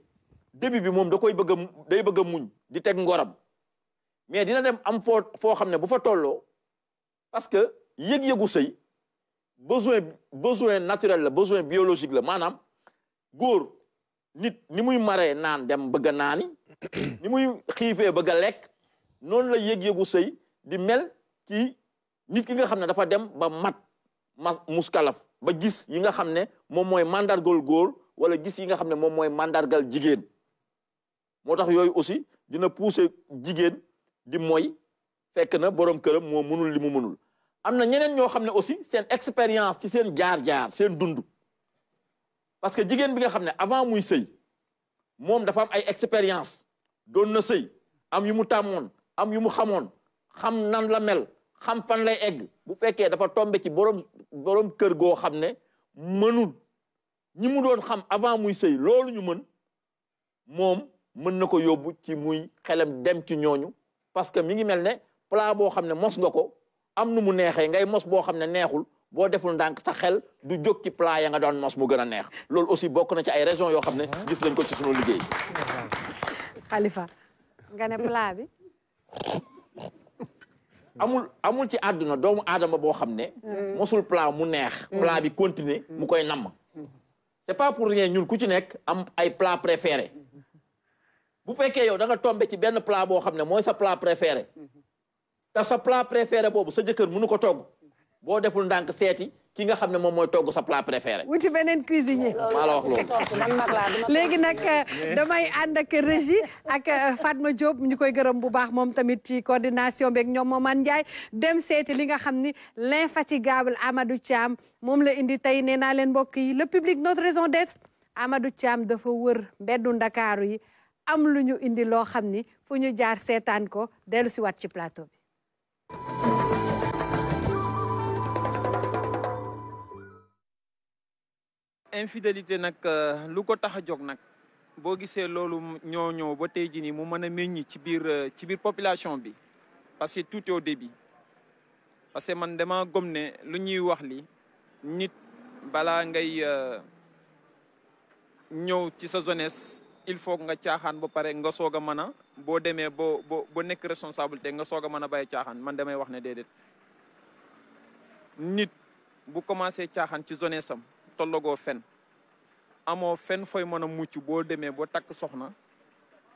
début bi moom da koy bëgg a day bëgg muñ di teg ngoram mais dina dem am foo foo xam ne bu fa tolloo parce que yëg-yëgu sëy besoin besoin naturel la besoin biologique la maanaam góor nit ni muy maree naan dem bëgg a naani ni muy xiifee bëgg a lekk noonu la yëg-yëgu sëy di mel ki nit ki nga xam ne dafa dem ba mat mas muskalaf ba gis yi nga xam ne moom mooy mandargal góor wala gis yi nga xam ne moom mooy mandargal jigéen moo tax yooyu aussi dina pousser jigéen di mooy fekk na borom këram moo mënul li mu mënul am na ñeneen ñoo xam ne aussi seen expérience ci seen jaar-jaar seen dund parce que jigéen bi nga xam ne avant muy sëy moom dafa am ay expérience doon na sëy am yu mu tàmmoon am yu mu xamoon xam nan la mel xam fan lay egg bu fekkee dafa tombe ci borom borom kër goo xam ne mënul ñi mu doon xam avant muy sëy loolu ñu mën moom mën na ko yóbbu ci muy xelam dem ci ñooñu parce que mi ngi mel ne plat boo xam ne mos nga ko am nu mu neexee ngay mos boo xam ne neexul boo deful ndànk sax xel du jóg ci plat ya nga doon mos mu gën a neex loolu aussi bokk na ci ay raisons yoo xam ne ah. gis nañ ko ci sunu liggéey. Khalifa nga ne plat bi. amul amul ci àdduna doomu aadama boo xam ne mm-hmm. mosul plan mu neex mm-hmm. plan bi continuer mm-hmm. mu koy namm c'est pas pour rien ñun ku ci nekk am ay plat préféré bu fekkee yow da nga ci benn plat boo xam ne mooy sa plat préféré te sa plat préféré boobu sa jëkkër mënu ko togg boo deful ndànk seeti ki nga xam ne moom mooy togg sa plat préféré. wuti beneen cuisinier. maa la wax loolu léegi nag euh, damay ànd ak régie ak euh, Fatma Diop ñu koy gërëm bu baax moom tamit ci coordination beek ñoom Momane Ndiaye dem seeti li nga xam ni l'infatigable Amadou Thiam moom la indi tey nee naa leen mbokk yi le public notre raison d'être Amadou Thiam dafa wër mbeddu ndakaaru yi am lu ñu indi loo xam ni fu ñu jaar seetaan ko dellu si waat ci plateau bi. infidélité nag euh, lu ko tax a jóg nag boo gisee loolu ñoo ñëw ba tey jii nii mu mën a meññi ci biir euh, ci biir population bi parce que tout au début parce que man dama gom ne lu ñuy wax li nit balaa ngay euh, ñëw ci sa jeunesse il faut nga caaxaan ba pare nga soog a mën a boo demee boo boo boo nekk responsabilité nga soog a mën a bàyyi caaxaan man damay wax ne déedéet nit bu commencé caaxaan ci jeunesse am tollogoo fen amoo fen fooy mën a mucc boo demee ba takk soxna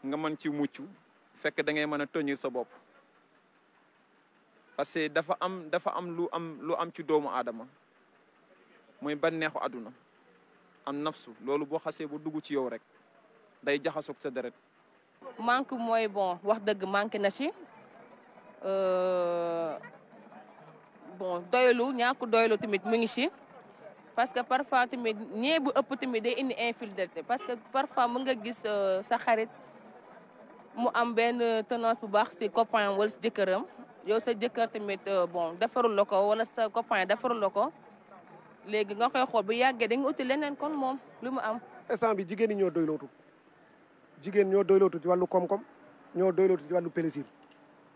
nga mën ci mucc fekk da ngay mën a toñir sa bopp parce que dafa am dafa am lu am lu am ci doomu aadama mooy banneexu àdduna am nafsu loolu boo xasee ba dugg ci yow rek day jaxasoog sa deret manque mooy bon wax dëgg manque na ci euh, bon doylu ñàkk doylu tamit mu ngi si parce que parfois tamit ñee bu ëpp timi day indi infidélité parce que parfois mën nga gis euh, sa xarit mu am benn tenance bu baax ci copain wala si jëkkëram yow sa jëkkër tamit euh, bon defarul la ko wala sa copain defarul la ko léegi nga koy xool bu yàggee da nga uti leneen kon moom lu mu am. instant bi jigéen ñi ñoo doylootu jigéen ñoo doylootu ci wàllu kom-kom ñoo doylootu ci wàllu plaisir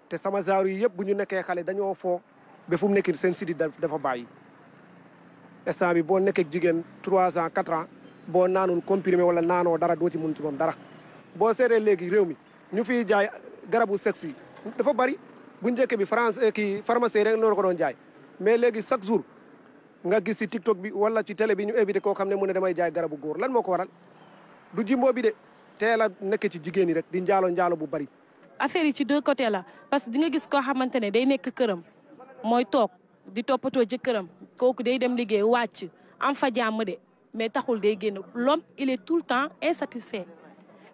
te sama genre yi yëpp bu ñu nekkee xale dañoo foo ba fu mu nekk seen sidit dafa bàyyi. instant bi boo nekkee jigéen trois ans quatre ans boo naanul comprimé wala naanoo dara doo ci mun ci moom dara. boo seetee léegi réew mi ñu fiy jaay garabu sexe yi dafa bari bu njëkk bi France eh, kii pharmacie rek noonu ko doon jaay mais léegi chaque jour nga gis ci TikTok bi wala ci tele bi ñu invité koo xam ne mu ne damay jaay garabu góor lan moo ko waral du jimbo bi de teel a nekk ci jigéen ñi rek di njaalo njaalo bu bari. affaire yi ci deux côté la parce que di nga gis koo xamante ne day nekk këram mooy toog. di toppatoo jëkkëram kooku day dem liggéey wàcc am fa jàmm de mais taxul day génn l'homme il est tout le temps insatisfait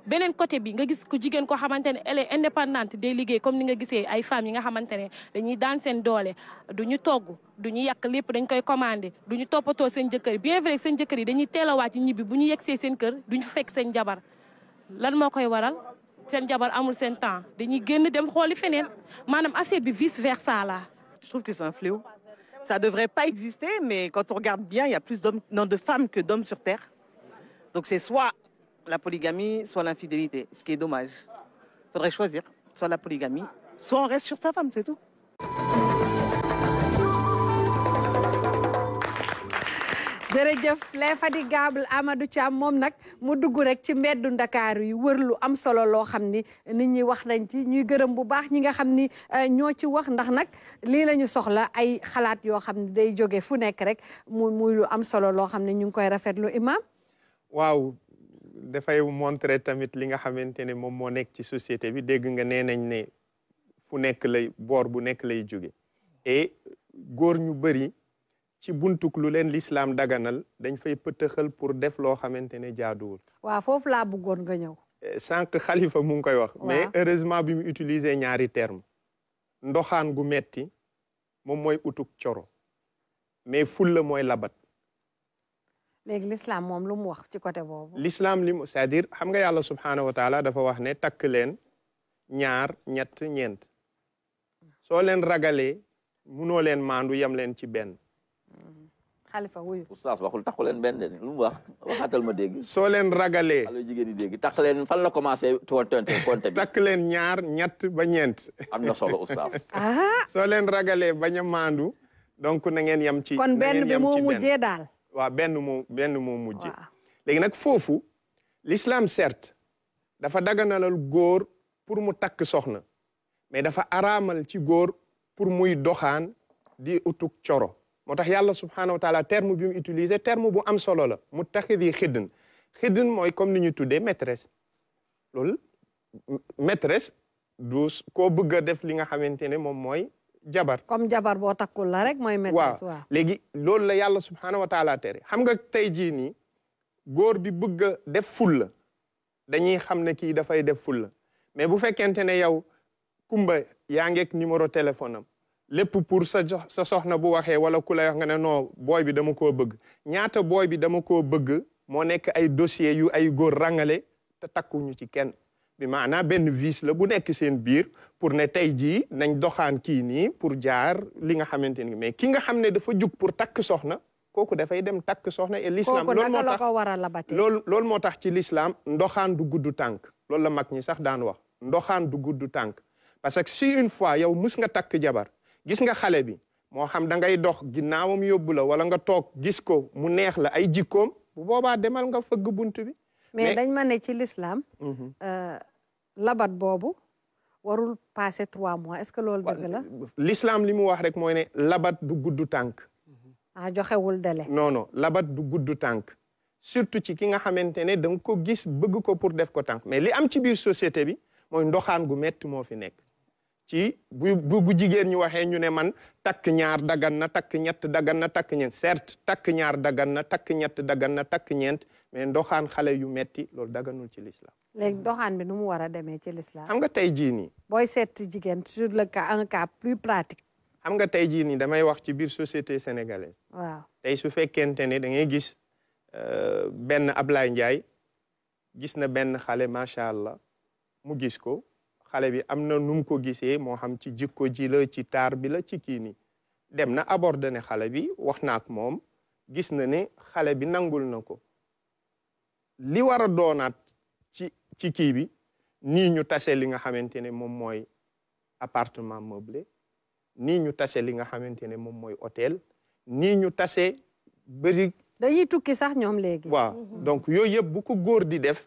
beneen côté bi nga gis ku jigéen koo xamante ne elle est indépendante day liggéey comme ni nga gisee ay femmes yi nga xamante ne dañuy daan seen doole du ñu togg du ñu yàq lépp dañ koy commandé du ñu toppatoo seen jëkkër bien vrai que seen jëkkër yi dañuy teela a wàcc ñibbi bu ñu yegsee seen kër du ñu fekk seen jabar lan moo koy waral seen jabar amul seen temps dañuy génn dem xooli feneen maanaam affaire bi vice versa la. je trouve que Ça ne devrait pas exister, mais quand on regarde bien, il y a plus de femmes que d'hommes sur Terre. Donc c'est soit la polygamie, soit l'infidélité, ce qui est dommage. Il faudrait choisir, soit la polygamie, soit on reste sur sa femme, c'est tout. jërëjëf l'infatigable Amadou Thiam moom nag mu dugg rek ci mbeddu ndakaaru yi wër lu am solo loo xam ni nit ñi wax nañ ci ñuy gërëm bu baax ñi nga xam ni euh, ñoo ci wax ndax nag lii la soxla ay xalaat yoo xam ne day jóge fu nekk rek mu muy lu am solo loo xam ne ñu ngi koy rafetlu Imaam. waaw dafay montrer tamit li nga xamante ne moom moo nekk ci société bi dégg nga nee nañ ne fu nekk lay boor bu nekk lay jóge et góor ñu bëri. ci buntuk lu leen lislaam daganal dañ fay pëtëxal pour def loo xamante ne jaaduwul. waaw foofu laa bëggoon nga ñëw. Eh, sànq xalifa mu ngi koy wax. mais heureusement bi mu utiliser ñaari terme ndoxaan gu metti moom mooy utuk coro mais fulla mooy labat. léegi l'islam moom lu mu wax ci côté boobu. l'islam li mu c'est-à-dire xam nga yàlla subhaanahu wa taala dafa wax ne takk leen ñaar ñett ñeent soo leen ragalee munoo leen maandu yem leen ci benn. xalifa wuyu oustaz waxul taxu leen benn de lu wax waxaatal ma dégg. soo leen ragalee. xale jigéen ñi dégg takk leen fan la commencé tonte compte takk leen ñaar ñett ba ñeent. am na solo oustaz. Ah. soo leen ragalee bañ a maandu. donc na ngeen yem ci. kon benn bi moo daal. waaw benn mu benn moo mujjee. léegi nag foofu. l'islam certes. dafa daganalal góor pour mu takk soxna. mais dafa araamal ci góor pour muy doxaan di utuk coro. motax yàlla subhanahu wa taala terme bi mu utiliser terme bu am solo la mutakhidhi khidn khidn moy comme niñu tuddé maîtresse lol maîtresse du ko bëgg def li nga xamantene mom moy jabar comme jabar bo takul la rek moy maîtresse wa légui lol la yàlla subhanahu wa taala tere xam nga tay ji ni gor bi bëgg a def fulla dañuy xam ne da fay def fulla mais bu fekkente ne yow kumba yaangek numéro téléphone am lepp pour sa jox sa soxna bu waxé wala ku lay wax nga né non boy bi dama ko bëgg ñaata boy bi dama ko bëgg mo nek ay dossier yu ay rangalé rangale takku ñu ci kenn bi maana ben vis la bu nek seen biir pour né tay ji nañ doxaan ki ni pour jaar li nga xamante ni mais ki nga xamné ne dafa juk pour tak soxna da dafay dem tak soxna et l'islam lool moo tax lool loolu moo tax ci l'islam ndoxan du gudd tank lool la mag ñi sax daan wax ndoxan du gudd tank parce que si une fois yow mus nga tak jabar gis nga xale bi moo xam da ngay dox ginnaawam yóbbu wala nga toog gis ko mu neex la ay jikkoom bu boobaa demal nga fëgg bunt bi. mais dañ ma ne ci lislaam mhm. euh, labat boobu warul passer trois mois est-ce que lol dëgg la. lislaam li mu wax rek mooy ne labat du gudd tànk. ah joxewul délai. labat du gudd tànk. surtout ci ki nga xamante ne da nga ko gis bëgg ko pour def ko tànk mais li am ci biir société bi mooy ndoxaan gu metti moo fi nekk. ci bu bu jigen ñu waxe ñu ne man tak ñaar dagan na tak ñett dagan na tak ñeent cert tak ñaar dagan na tak ñett dagan na tak ñent mais ndoxan xalé yu metti lool daganul ci l'islam léegi ndoxaan bi nu mu war ci l'islam xam nga tay ji ni boy set jigen sur le cas un cas plus pratique xam nga tay ji ni damay wax ci bir société sénégalaise waaw tay su fekente ne da ngay gis euh, ben Ablaye ndjay gis na ben xalé machallah mu gis ko xale bi am na nu ko gisee moo xam ci jikko jila ci taar bi la ci kii nii dem na abordé ne xale bi wax na moom gis na ne xale bi nangul na ko li war a doonaat ci ci kii bi nii ñu tase li nga xamante ne moom mooy appartement meublé nii ñu tase li nga xamante ne moom mooy hôtel nii ñu tase bëri dañuy tukki sax ñoom léegi mhm. donc yooyu yëpp bu ko góor di def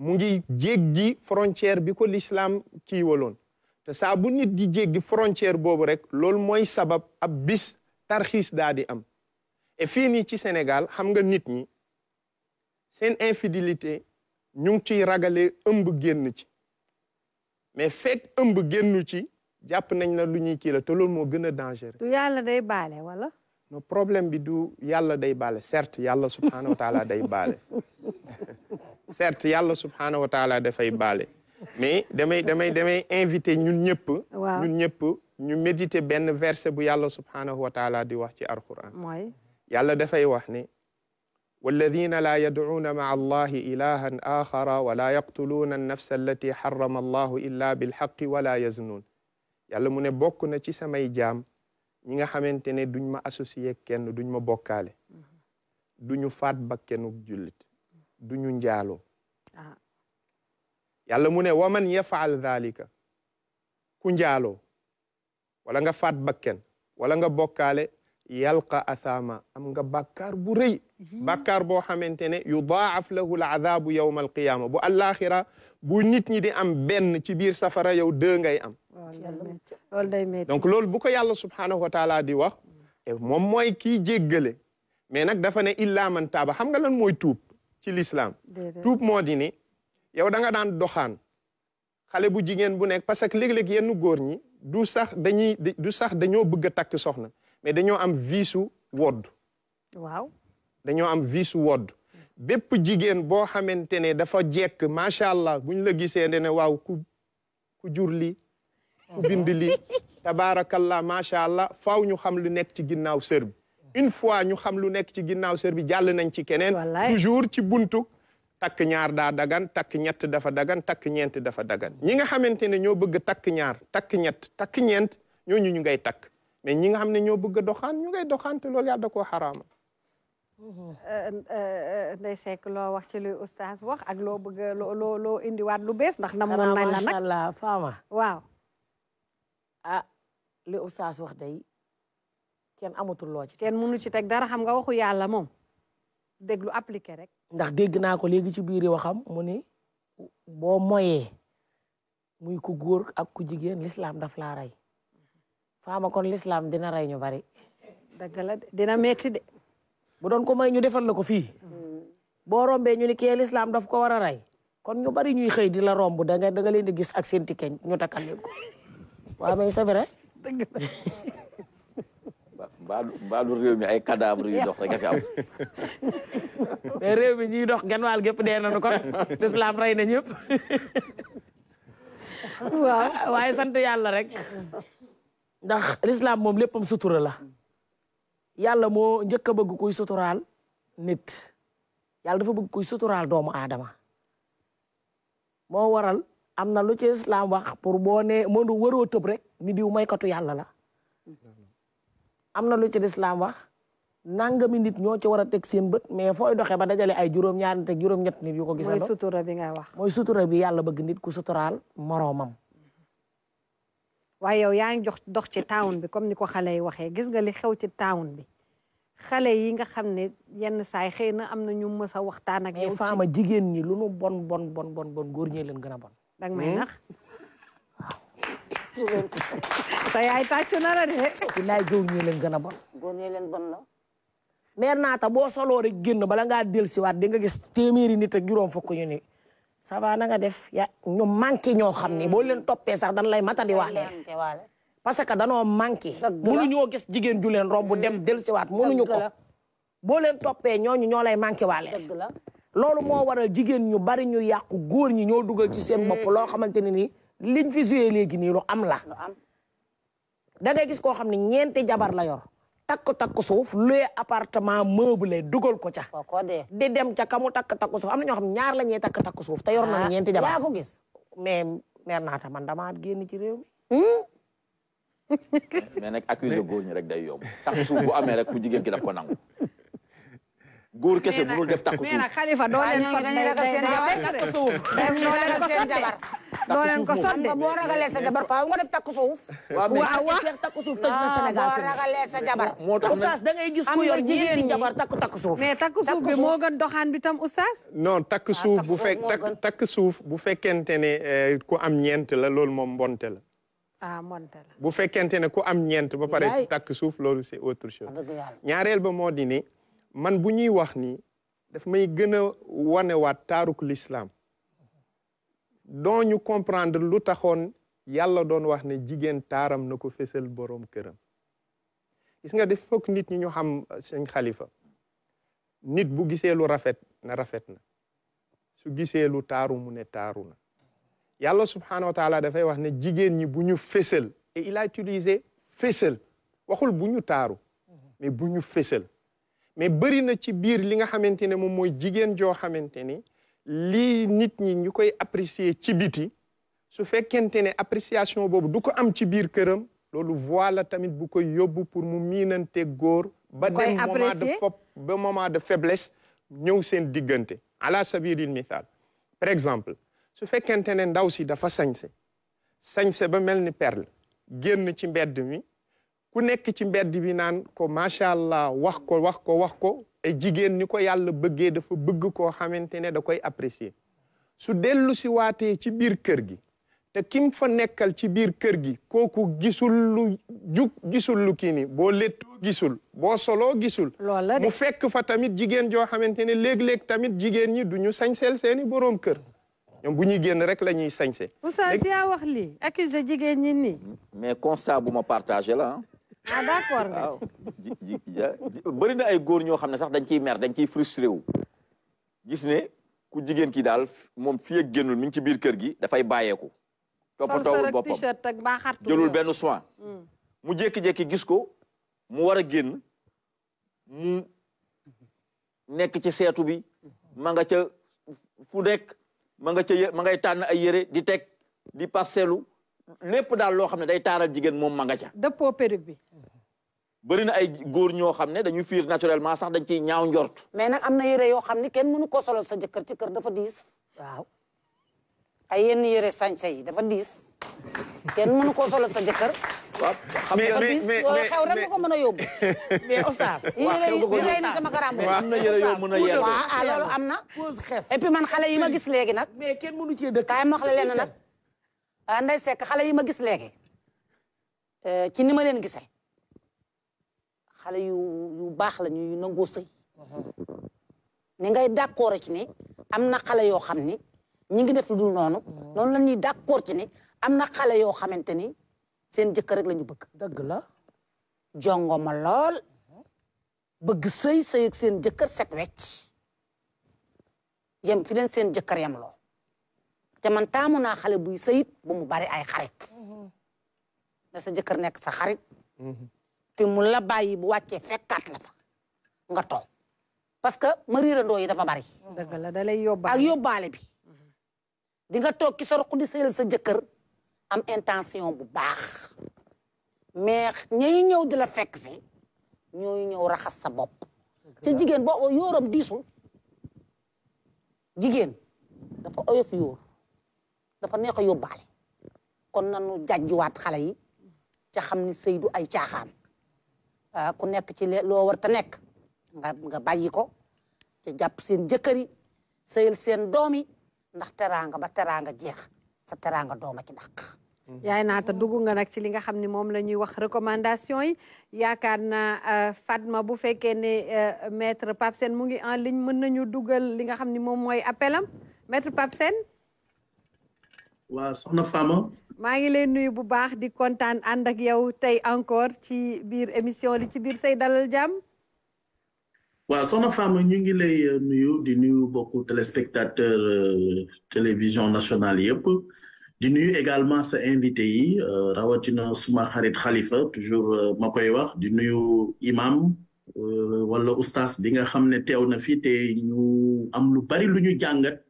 mu ngi jéggi frontière bi ko l'islam kii waloon te saa bu nit di jéggi frontière boobu rek loolu mooy sabab ab bis tarxiis daa di am et fii nii ci Sénégal xam nga nit ñi seen infidélité ñu ngi ciy ragalee ëmb génn ci mais fek ëmb génnu ci jàpp nañ na lu ñuy kila la te loolu moo gën a dangereux. du yàlla day baale wala. non problème bi du yàlla day baale certes yàlla subhanahu wa day baale. certes yàlla subhanahu wa taala da fay balé mais damay damay damay inviter ñun ñëpp ñun ñëpp ñu méditer ben verset bu yàlla subhanahu wa taala di wax ci alquran yàlla da fay wax ni والذين لا يدعون مع الله إلها آخر ولا يقتلون النفس التي حرم الله إلا بالحق ولا يزنون يلا من بوك bokk na جام نيغا خامتيني ñi nga xamante ne duñ ma associé kenn duñ ma bokkaale duñu du ñu njaaloo yàlla mu ne waman yafaal dhalika ku njaaloo wala nga faat bakken wala nga bokkaale yalqa athama am nga bàkkaar bu reuy bàkkaar bo xamantene ne yudaaf lahu al azabu yawma al bu alaxira bu nit ñi di am benn ci biir safara yow de ngay am donc lool bu ko yàlla subhanahu wa taala di wax mom moy ki jéggelé mais nak dafa ne illa man taba xam nga lan moy tuub ci l'islam tuub moo di ni yow da nga daan doxaan xale bu jigéen bu nekk parce que léeg-léeg yennu góor ñi du sax dañuy du sax dañoo bëgg a takk soxna mais dañoo am viisu wodd waaw dañoo am viisu wodd bépp jigéen boo xamante ne dafa jekk macha allah buñ la gisee ne ne waaw ku ku jur lii ku bind lii tabaarakallah macha allah faaw ñu xam lu nekk ci ginnaaw sër bi une fois ñu xam lu nekk ci ginnaaw sër bi nañ ci keneen. toujours ci buntu. takk ñaar daa dagan takk ñett dafa dagan takk ñeent dafa dagan ñi nga xamante ne ñoo bëgg takk ñaar takk ñett takk ñeent ñooñu ñu ngay takk mais ñi nga xam ne ñoo bëgg a doxaan ñu ngay doxaan te loolu yàlla da koo xaraama. Euh, euh, euh, Ndeye Seck loo wax ci luy oustaz wax ak loo bëgg a loo loo indiwaat lu bees ndax. namoon nañ la nag faama waaw. ah wax day. kenn amatul loo ci kenn mënu ci teg dara xam nga waxu yàlla moom déglu appliqué rek ndax dégg naa ko léegi ci biir waxam mu ni boo moyee muy ku góor ak ku jigéen lislaam daf laa rey faama kon lislaam dina rey ñu bari dëgg la dina metti de bu doon ko may ñu defal la ko fii boo rombee ñu ni kee lislaam daf ko war a rey kon ñu bari ñuy xëy di la romb da nga da leen di gis ak seen ticket ñu takkal leen ko waaw mbaalu mbaalu réew mi ay cadavre yu dox rek a fi am. mais réew mi ñuy dox genn wàll gépp dee nañu kon lislaam rey na ñëpp. waaw waaye sant yàlla rek. ndax lislaam moom léppam sutura la. yàlla moo njëkk bëgg koy suturaal nit. yàlla dafa bëgg kuy suturaal doomu aadama. moo waral am na lu ci lislaam wax pour boo nee mënu waroo tëb rek ni diw maykatu yàlla la. am na lu ci lislaam wax mi nit ñoo ci war a teg seen bët mais fooy doxee ba dajale ay juróom-ñaar nit ak juróom-ñett nit yu ko gisandoo mooy bi nga wax mooy sutura bi yàlla bëgg nit ku suturaal moroomam waaye yow yaa ngi jox dox ci town bi comme ni ko xale yi waxee gis nga li xew ci town bi xale yi nga xam ne yenn saay xëy na am na ñu mës a waxtaan ak yow mais jigéen ñi lu nu bon bon bon bon bon góor ñee leen gën a bon dag may hmm? nax sa yaay tàcc na la de. bilaay góor ñi leen gën a bon. góor leen bon la. meer naata boo soloo rek génn bala ngaa dellusiwaat di nga gis téeméeri nit ak juróom fukk ñu ni ça na nga def ya ñu manqué ñoo xam ne boo leen toppee sax dan lay matadi waale parce que danoo manqué ñoo gis jigéen ju leen romb dem mm. dellusiwaat ñu ko boo leen toppee ñooñu ñoo lay manqué waale loolu moo waral jigéen ñu bari ñu yàqu góor ñi ñoo dugal ci seen bopp mm. loo xamante ne nii liñ fi joué léegi nii lu am la. lu am gis koo xam ne ñeenti jabar la yor. takk takk suuf luy appartement meublé dugal ko ca. di dem ca kamu takk takk suuf am na ñoo xam ñaar la ñuy takk takk suuf te yor na ñeenti jabar. yaa ko gis mais mer naata man damaa génn ci réew mi. Hmm? mais nag accuser góor ñi rek day yomb. takk suuf bu amee rek ku jigéen ki daf ko nangu. góor kese mënul def takku suuf. nee ah, ko doo boo ragalee sa jabar faaw nga def takku suuf. waaw waaw takku suuf tëj gis ku yor jigéen jabar takku takku suuf. mais takku suuf bi moo doxaan bi tam oustaz. non takk ah, suuf bu fekk suuf bu fekkente ne eh, ku am ñeent la lool moom mbonte la. ah bu fekkente ne ku am ñeent ba pare takk suuf loolu c'est autre chose. ñaareel ba moo man bu ñuy wax ni daf may gën a wanewaat taaruk lislaam doo ñu comprendre lu taxoon yàlla doon wax ne jigéen taaram na ko fésal boroom këram gis nga def fok nit ñi ñu xam euh, sëñ xalifa nit bu gisee lu rafet na rafet na su gisee lu taaru mu ne taaru na yàlla subhaanahu wa dafay wax ne jigéen ñi bu ñu fésal et il a utilisé waxul bu ñu taaru mais bu ñu fésal mais bëri na ci biir li nga xamante ne moom mooy jigéen joo xamante ni lii nit ñi ñu koy apprécier ci biti su fekkente ne appréciation boobu du ko am ci biir këram loolu voilà tamit bu koy yóbbu pour mu miinante góor ba dem moment de fop ba moment de faiblesse ñëw seen diggante ala sabilil misaal par exemple su fekkente ne ndaw si dafa sañse sañse ba mel ni perle génn ci mbedd mi ku nekk ci mbedd bi naan ko macha allah wax ko wax ko wax ko jigéen ni ko yàlla bëggee dafa bëgg ko xamante ne da koy apprécier su dellu si waate ci biir kër gi te kim fa nekkal ci biir kër gi kooku gisul lu jug gisul lu kii ni bo léttoo gisul boo soloo gisul mu fekk fa tamit jigéen joo xamante ne léeg-léeg tamit jigéen ñi du ñu sañseel seeni boroom kër ñoom bu ñuy génn rek la ñuy sañse Oustaz yaa wax lii accusé jigéen ñi ni mais constat bu ma partagé la ah na ay góor ñoo xam ne sax dañ ciy mer dañ ciy frustré wu. gis ne ku jigéen ki daal moom fii ak génnul mi ci biir kër gi dafay bàyyeeku. toppatoowul boppam jëlul benn soin. Hmm. mu jékki-jékki gis ko mu war a génn mu nekk ci seetu bi ma nga ca fu nekk ma nga ca ma ngay tànn ay yére di teg di parcelu lépp daal loo xam ne day taaral jigéen moom ma nga ca. dëppoo perruque bi. bëri na ay góor ñoo xam ne dañuy fiir naturellement sax dañ ciy ñaaw njort. mais nag am na yere yoo xam ne kenn mënu koo solo sa jëkkër ci kër dafa diis. waaw ay yenn yére sañse yi dafa diis kenn mënu ko solo sa jëkkër. waaw xam nga bis loolu xew rek nga ko mën a yóbbu. mais oustaz. a xew nga ko mën a sama garam am na yére yoo mën a yére. waaw ah, ah, loolu am na. et puis man xale yi ma gis léegi nag. mais kenn mënu cee dëkk. a ma wax nday sekk xale yi ma gis léegi eh, ci ni ma leen gisee xale yu yu baax la ñu yu nangoo sëy ni ngay d'accord ci ni am na xale yoo xam ni ñi ngi def lu dul noonu mm-hmm. noonu la ci ni am na xale yoo xamante ni seen jëkkër rek la ñu bëgg dëgg la jongoma lool mm-hmm. bëgg sëy sëy ak seen jëkkër set wecc yem fi leen seen jëkkër yem loo te man taamu naa xale buy sëyit ba mu bari ay xarit na sa jëkkër nekk sa xarit fi mu la bàyyi bu wàccee fekkaat la fa nga toog parce que mariirandoo yi dafa bari dëgg da lay yóbbaale ak yóbbaale bi di nga toog ki sa roq di sëyal sa jëkkër am intention bu baax mais ñay ñëw di la fekk si ñooy ñëw raxas sa bopp te jigéen boo yóoram diisul jigéen dafa oyof yóor dafa neex a yóbbaale kon nanu jàjjuwaat xale yi ca xam ni sëy ay caaxaan ah, ku nekk ci loo war ta nekk nga nga bàyyi ko ca jàpp seen jëkkër yi sëyal seen doom yi ndax teraanga ba teraanga jeex sa teraanga dooma ci dàq mm-hmm. yaay naata dugg nga nag ci li nga xam ni moom la ñuy wax recommandation yi yaakaar naa euh, Fatma bu fekkee ne euh, maître Pape Sène mu ngi en ligne mën nañu dugal li nga xam ni moom mooy appelam maître Pape Sène waa soxna Fama. maa ngi leen nuyu bu baax di kontaan ànd yow tey encore ci biir émission li ci biir say dalal jàmm. waaw soxna Fama ñu ngi lay euh, nuyu di nuyu beaucoup téléspectateurs euh, télévision nationale yëpp di nuyu également sa invité yi euh, rawatina suma xarit Khalifa toujours ma koy wax di nuyu imam wala oustas bi nga xam ne teew na fi te ñu am lu bari lu ñu jàngat.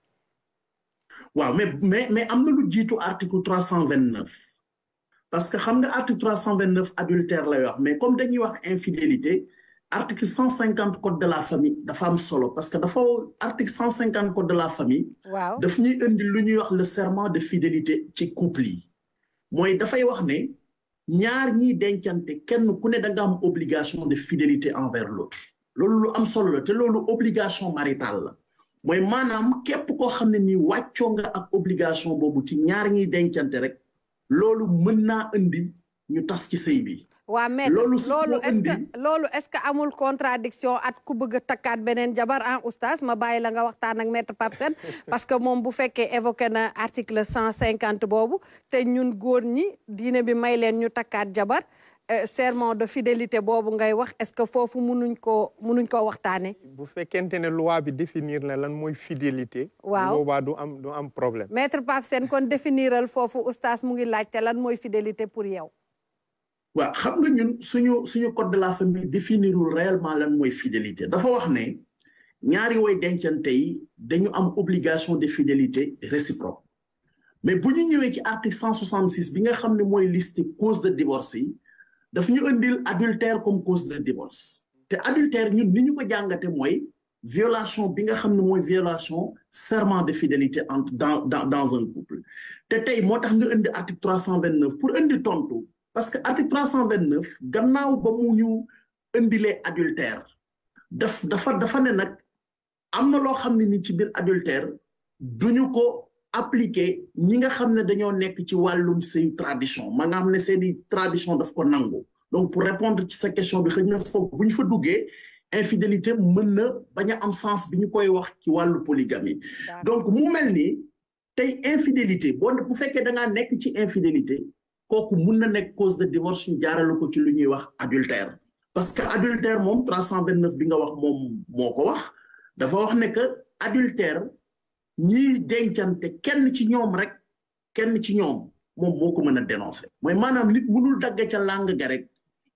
waaw mais mais mais am na lu jiitu article 329 parce que xam nga article 329 adultère lay mais comme dañuy wax infidélité article 150 code de la famille dafa am solo parce que dafa article 150 code de la famille. waaw daf ñuy indi lu ñuy wax le serment de fidélité ci couple yi mooy dafay wax ne ñaar ñiy dencante kenn ku ne da nga am obligation de fidélité envers l'autre loolu lu am solo la te obligation maritale mooy maanaam képp koo xam ne ni wàccoo nga ak obligation boobu ci ñaar ngi dencante rek loolu mën naa indi ñu tas ci sëy bi. waa mais loolu est que loolu est-ce que amul contradiction at ku bëgg a takkaat beneen jabar en oustaz ma bàyyi la nga waxtaan ak maître Pape Sène parce que moom bu fekkee évoqué na article cent cinquante boobu te ñun góor ñi diine bi may leen ñu takkaat jabar Euh, serment de fidélité boobu ngay wax est-ce que foofu mënuñ koo mënuñ koo waxtaanee. bu fekkente ne loi bi définir na lan mooy fidélité. waaw boobaa du am du am problème. maître Pape Sène kon définiral foofu oustaz mu ngi laajte lan mooy fidélité pour yow. waaw xam ñun suñu suñu code de la famille définirul réellement lan mooy fidélité dafa wax ne ñaari way dencante yi dañu am obligation de fidélité réciproque mais bu ñu ñëwee ci article 166 bi nga xam ne mooy list cause de divorce yi. daf ñu indil adultère comme cause de divorce te adultère ñun ni ñu ko jàngate mooy violation bi nga xam ne violation serment de fidélité entre dans dans dans un couple te tey moo tax nga indi article 329 pour indi tontu parce que article 329 gannaaw ba mu ñu indilee adultère daf dafa dafa ne nag am na loo ni ci duñu ko appliqué ñi nga xam ne dañoo nekk ci walum sëyu tradition ma nga xam ne tradition daf ko nangu donc pour répondre ci sa question bi xëy na buñ fa duggé infidélité mën na bañ am sens bi ñu koy wax ci walu polygamie donc mu melni tay infidélité boo bu fekkee da nga nekk ci infidélité kooku mun na nekk cause de divorce ñu jaarale ko ci lu ñuy wax adultère parce que adultère mom 329 bi nga wax mom moko wax dafa wax ne que adultère ñiy dencante kenn ci ñoom rek kenn ci ñoom moom moo ko mën a dénoncer mooy maanaam nit mënul dagge ca langue ga rek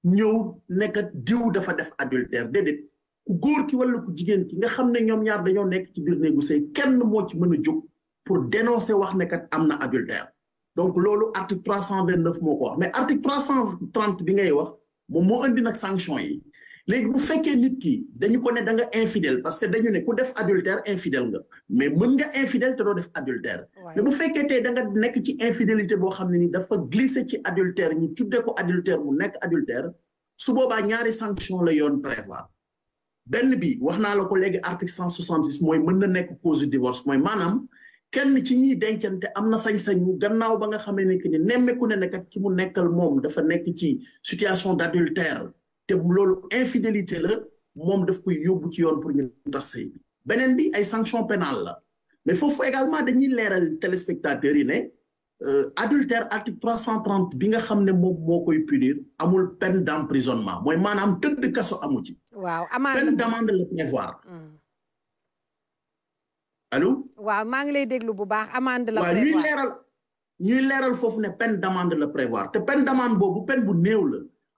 ñëw nekkat diw dafa def adultère déedéet ku góor ki wala ku jigéen ki nga xam ne ñoom ñaar dañoo nekk ci biir néegu sëy kenn moo ci mën a jóg pour dénoncer wax ne am na adultère donc loolu article trois cent vingt neuf moo ko wax mais article trois cent trente bi ngay wax moom moo indi nag sanction yi Les bu fekkee nit ki dañu ko ne da nga infidèle parce que dañu ne ku def adultère infidèle mais mën nga infidèle te doo def adultère mais bu fekkee tey da nga nekk ci infidélité boo xam ne ni dafa glissé ci adultère ñu tuddee ko adultère mu nekk adultère su boobaa ñaari sanction la yoon prévoir benn bi wax naa la article cent soixante six mooy mën na nekk cause de divorce mooy maanaam kenn ci ñi dencante amna sañ-sañu gannaaw ba nga xamee ne que ni nemmeeku ne nak ci mu nekkal mom dafa nekk ci situation d'adultère te lolu infidélité la mom daf koy yóbbu ci yoon pour ñu tas bi benen bi ay sanction pénale la mais fofu également dañuy léral téléspectateurs yi euh, adultère article 330 bi nga xamné mom mo koy punir amul peine d'emprisonnement moy manam tëdd de amu ci. waaw amende peine d'amende la prévoir. Hmm. Allô? waaw ma ngi lay déglu bu baax amende la. prévoir waaw ñuy léral ñuy léral fofu né peine d'amende le prévoir te peine d'amende boobu peine bu néew la.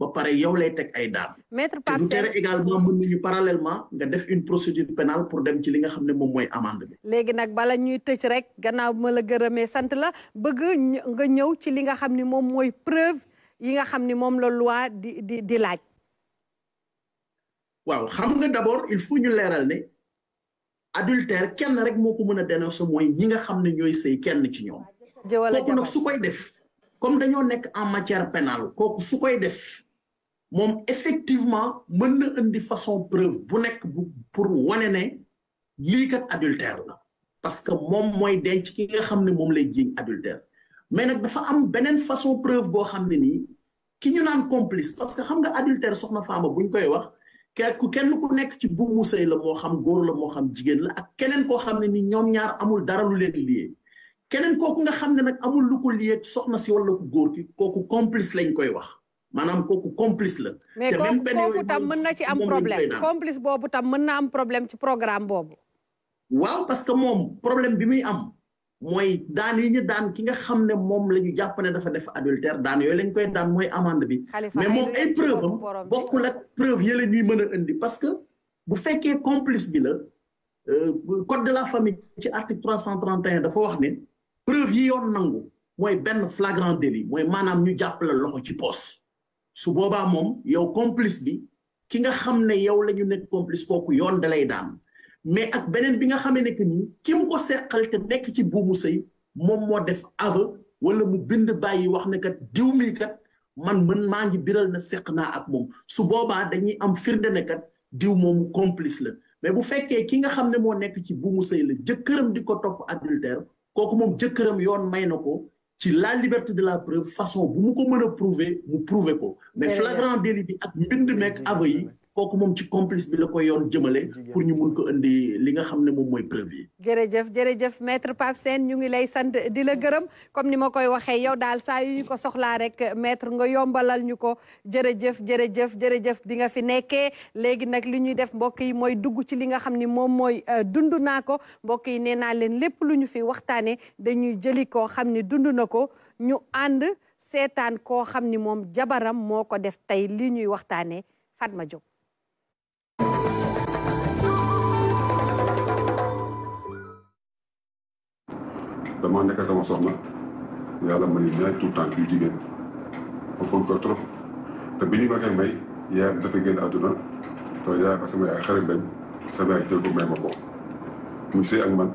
ba pare yow lay teg ay daan maître Pape Sène également mën nañu parallèlement nga def une procédure pénale pour dem ci li nga xam ne moom mooy amende bi léegi nag bala ñuy tëj rek gannaaw ma la gërëmee sant la bëgg nga ñëw ci li nga xam ne moom mooy preuve yi nga xam ne moom la loi di di di laaj waaw xam nga d'abord il faut ñu leeral ne adultère kenn rek moo ko mën a dénoncer mooy ñi nga xam ne ñooy sëy kenn ci ñoom kooku nag su koy def comme dañoo nekk en matière pénale kooku su koy def moom effectivement mën na indi façon preuve bu nekk bu pour wane ne lii kat adultère la parce que moom mooy denc ki nga xam ne moom lay jiiñ adultère mais nag dafa am beneen façon preuve goo xam ne nii ki ñu naan complice parce que xam nga adultère soxna Fama buñ koy wax ku kenn ku nekk ci buumu sëy la moo xam góor la moo xam jigéen la ak keneen koo xam ne nii ñoom ñaar amul dara lu leen lié keneen kooku nga xam ne nag amul lu ko lié soxna si wala ku góor ki kooku complice lañ koy wax maanaam kooku complice la. mais kooku tam mën na ci am problème complice boobu tam mën na am problème ci programme boobu. waaw parce que moom problème bi muy am mooy daan yi ñu daan ki nga xam ne moom la ñu jàpp ne dafa def adultère daan yooyu lañ koy daan mooy amende bi. mais moom ay preuve am bokkul ak preuve yële ñuy mën a indi parce que bu fekkee complice bi la euh, code de la famille ci article trois cent trente et un dafa wax ne preuve yi yoon nangu mooy benn flagrant délit mooy maanaam ñu jàpp la ci poos su boobaa moom yow complice bi ki nga xam ne yow lañu nekk complice kooku yoon dalay daan mais ak beneen bi nga xamee ne que ni ki mu ko seqal te nekk ci buumu sëy moom moo def aveu wala mu bind bàyyi wax ne kat diw mi kat man mën maa ngi biral na seq naa ak moom su boobaa dañuy am firnde ne kat diw moomu complice la mais bu fekkee ki nga xam ne moo nekk ci buumu sëy la jëkkëram di ko topp adultère kooku moom jëkkëram yoon may na ko si la liberté de la preuve façon vous vous ko le prouver vous prouvez mais flagrant délit avec de même meek kooku moom ci complice bi la ko yoon jëmale pour ñu mun ko indi li nga xam ne moom mooy preuve jërëjëf jërëjëf maître Pape Sène ñu ngi lay sant di la gërëm comme ni ma koy waxee yow daal saa yu ñu ko soxlaa rek maître nga yombalal ñu ko jërëjëf jërëjëf jërëjëf bi nga fi nekkee léegi nag li ñuy def mbokk yi mooy dugg ci li nga xam ni moom mooy euh, dund naa ko mbokk yi nee naa leen lépp lu ñu fi waxtaanee dañuy jëli koo xam ni dund na ko ñu ànd seetaan koo xam ni moom jabaram moo ko def tey li ñuy waxtaanee Fatma Diop dama nekk sama soxna yàlla may ñaari tout temps yu jigéen ma bëgg ko trop te bi ñu ma koy may yaayam dafa génn àdduna te yaayam ak sama yaay xarit lañ sama yaay jël ko may ma ko muy sëy ak man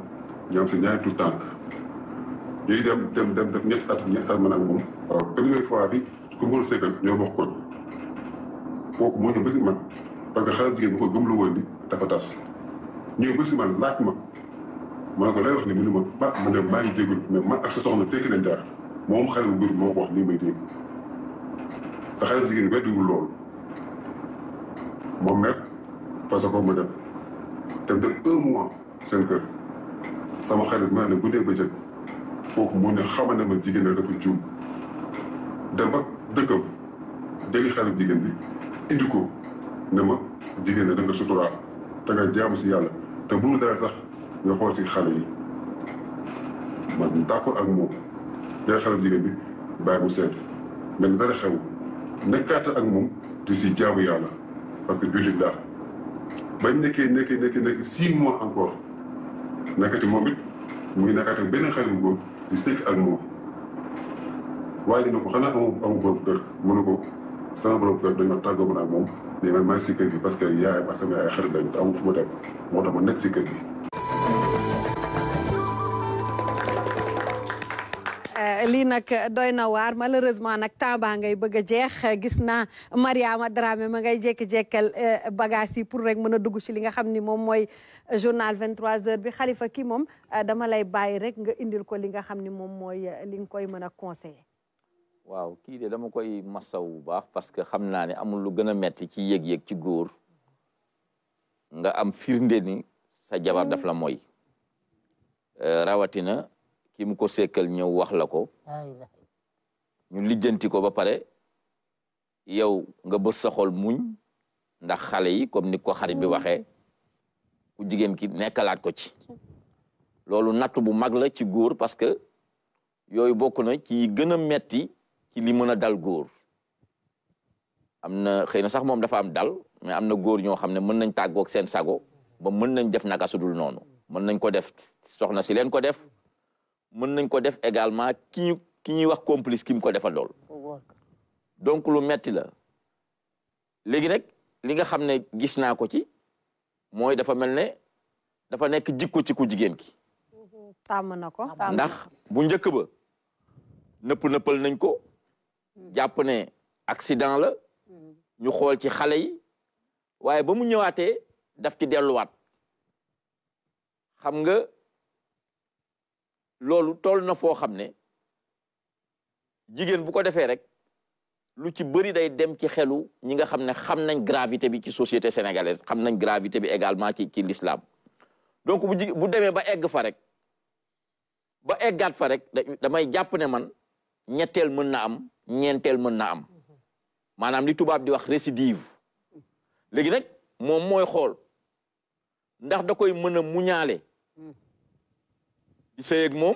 ñu si ñaari tout temps ñuy dem dem dem def ñetti at ñetti at man ak moom waaw première fois bi ku mën a sëkkal ba si man parce que xale jigéen bu ko gëmlu woon ni dafa tas ñëw ba si man laaj ma maa ngi ko lay wax ne mu ne ma ba ma ne maa ngi jégalu mais man ak sa soxna tekki na jaar moom xale bu góor moo ko wax lii may dégg te xale bu jigéen weddiwul loolu ma dem dem dem un sama xarit ma ne bu dee bëccëg foofu mu ne xamal ne ma jigéen la dafa juum dem ba dëkkam jëli xale jigéen bi indi ne ma jigéen la da nga suturaal te nga jaamu si yàlla te bu dara sax. ñu xool si xale yi man d'accord ak moom ñaari xale jigéen bi bàyyi mu seet mel ni dara xew nekkaata ak moom di si jaamu yàlla parce que jullit laa bañ nekkee nekkee nekkee nekk six mois encore nekkati moom it mu ngi nekkaat ak benn xale bu góor di sëkk ak moom waaye dina ko xanaa amu amu borom kër mënu ko sama borom kër dañoo tàggoo mën ak moom mais man maa ngi si kër gi parce que yaayam ak sama yaay xarit lañu te amu fu ma dem moo tax ma nekk si kër gi lii nag doy na waar malheureusement nag temps baa ngay bëgg a jeex gis naa Mariama Dramé ma ngay jékki-jékkal euh, bagage yi pour rek mën a dugg ci li nga xam ni moom mooy journal 23h bi Khalifa kii moom euh, dama lay bàyyi rek nga indil ko li nga xam ni moom mooy euh, li nga koy mën a conseiller. waaw kii de dama koy masaw bu baax parce que xam naa ne amul lu gën a metti ci yëg-yëg ci góor nga am firnde ni sa jabar mm. daf la mooy rawatina. ki mu ko sekkal ñëw wax la ko ñu lijjanti ko ba pare yow nga ba sa muñ ndax xale yi comme ni ko xarit bi mm. waxee ku jigéen ki nekkalaat ko ci loolu natt bu mag la ci góor parce que yooyu bokk na ci gën a metti ci li mën a dal góor am na xëy na sax moom dafa am dal mais am na góor ñoo xam ne mën nañ tàggoog seen sago ba mën nañ def naka sudul noonu mën nañ ko def soxna si leen ko def mën nañ ko def également ki ñu ki ñuy wax complice ki mu ko defal lool donc lu metti la léegi nag li nga xam ne gis naa ko ci mooy dafa mel ne dafa nekk jikko ci ku jigéen ki tàmm na ko bu njëkk ba nëpp nëppal nañ ko hmm. jàpp ne accident la hmm. ñu xool ci xale yi waaye ba mu ñëwaatee daf ci delluwaat xam nga loolu toll na foo xam ne jigéen bu ko defee rek lu ci bëri day dem ci xelu ñi nga xam ne xam nañ gravité bi ci société sénégalaise xam nañ gravité bi également ci ci l'islam donc bu ji bu demee ba egg fa rek ba eggaat fa rek damay jàpp ne man ñetteel mën na am ñeenteel mën na am maanaam li tubaab di wax récidive léegi nag moom mooy xool ndax da koy mën a muñaale mm-hmm. di moom